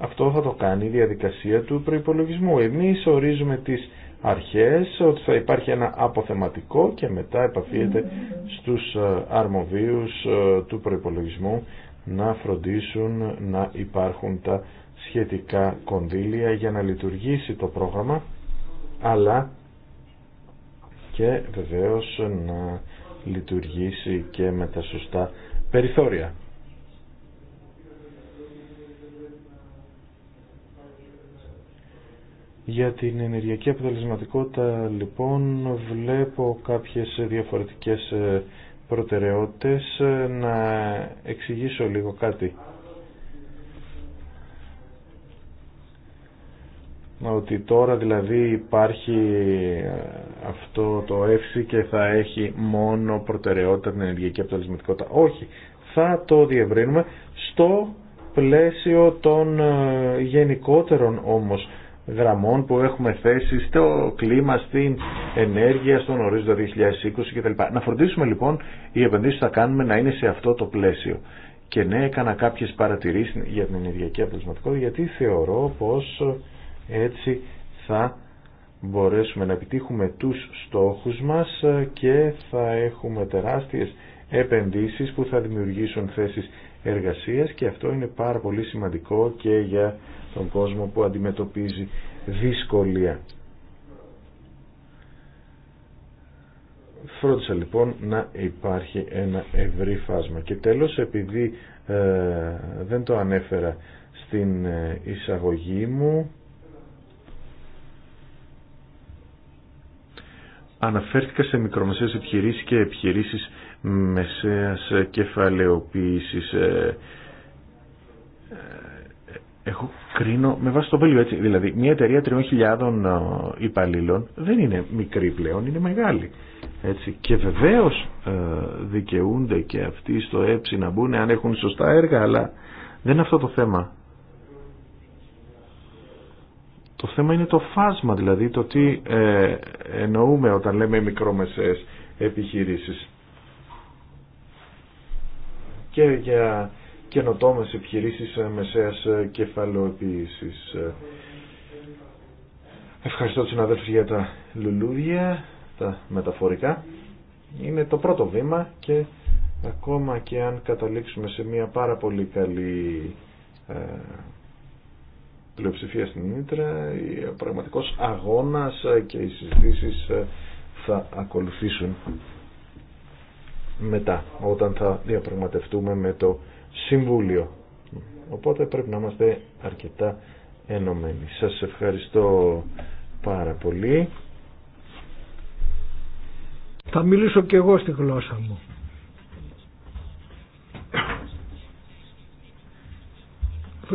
αυτό θα το κάνει η διαδικασία του προϋπολογισμού. Εμείς ορίζουμε τις αρχές ότι θα υπάρχει ένα αποθεματικό και μετά επαφίεται στους ε, αρμοδίους ε, του προϋπολογισμού να φροντίσουν να υπάρχουν τα σχετικά κονδύλια για να λειτουργήσει το πρόγραμμα αλλά και βεβαίως να λειτουργήσει και με τα σωστά περιθώρια. Για την ενεργειακή αποτελεσματικότητα λοιπόν βλέπω κάποιες διαφορετικές ε, προτεραιότητες ε, να εξηγήσω λίγο κάτι. Ότι τώρα δηλαδή υπάρχει ε, αυτό το εύση και θα έχει μόνο προτεραιότητα την ενεργειακή αποτελεσματικότητα. Όχι, θα το διευρύνουμε στο πλαίσιο των γενικότερων όμως γραμμών που έχουμε θέσει στο κλίμα, στην ενέργεια, στον ορίζοντα 2020 κτλ. Να φροντίσουμε λοιπόν οι επενδύσεις που θα κάνουμε να είναι σε αυτό το πλαίσιο. Και ναι, έκανα κάποιες παρατηρήσεις για την ενεργειακή αποτελεσματικότητα γιατί θεωρώ πως έτσι θα μπορέσουμε να επιτύχουμε τους στόχους μας και θα έχουμε τεράστιες επενδύσεις που θα δημιουργήσουν θέσεις εργασίας και αυτό είναι πάρα πολύ σημαντικό και για τον κόσμο που αντιμετωπίζει δυσκολία. Φρόντισα λοιπόν να υπάρχει ένα ευρύ φάσμα. Και τέλος, επειδή ε, δεν το ανέφερα στην ε, εισαγωγή μου, αναφέρθηκα σε μικρομεσαίες επιχειρήσεις και επιχειρήσεις μεσαίας κεφαλαιοποίησης. Ε, εγώ κρίνω με βάση το βέλιο έτσι. Δηλαδή, μια εταιρεία 3.000 ε, υπαλλήλων δεν είναι μικρή πλέον, είναι μεγάλη. Έτσι. Και βεβαίω ε, δικαιούνται και αυτοί στο ΕΨΙ να μπουν αν έχουν σωστά έργα, αλλά δεν είναι αυτό το θέμα. Το θέμα είναι το φάσμα, δηλαδή το τι ε, εννοούμε όταν λέμε μικρόμεσαίες επιχειρήσεις. Και για καινοτόμες επιχειρήσεις ε, μεσαίας ε, κεφαλοποίησης. Ε, ευχαριστώ τους συναδέλφους για τα λουλούδια, τα μεταφορικά. Είναι το πρώτο βήμα και ακόμα και αν καταλήξουμε σε μια πάρα πολύ καλή πλειοψηφία στην Ήτρα, ο πραγματικός αγώνας και οι συζητήσεις θα ακολουθήσουν μετά, όταν θα διαπραγματευτούμε με το Συμβούλιο. Οπότε πρέπει να είμαστε αρκετά ενωμένοι. Σας ευχαριστώ πάρα πολύ. Θα μιλήσω και εγώ στη γλώσσα μου.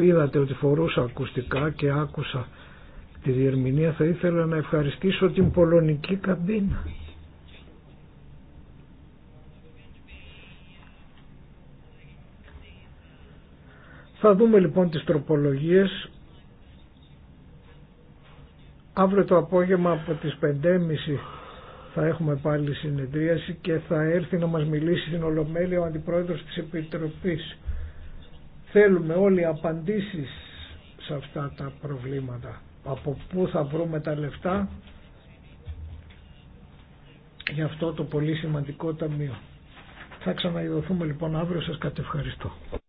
Είδατε ότι φορούσα ακουστικά και άκουσα τη διερμηνία. Θα ήθελα να ευχαριστήσω την πολωνική καμπίνα. Θα δούμε λοιπόν τις τροπολογίες αύριο το απόγευμα από τις 5.30 θα έχουμε πάλι συνεδρίαση και θα έρθει να μας μιλήσει στην Ολομέλεια ο Αντιπρόεδρος της Επιτροπής. Θέλουμε όλοι απαντήσεις σε αυτά τα προβλήματα. Από πού θα βρούμε τα λεφτά για αυτό το πολύ σημαντικό ταμείο. Θα ξαναειδωθούμε λοιπόν αύριο. Σας κατευχαριστώ.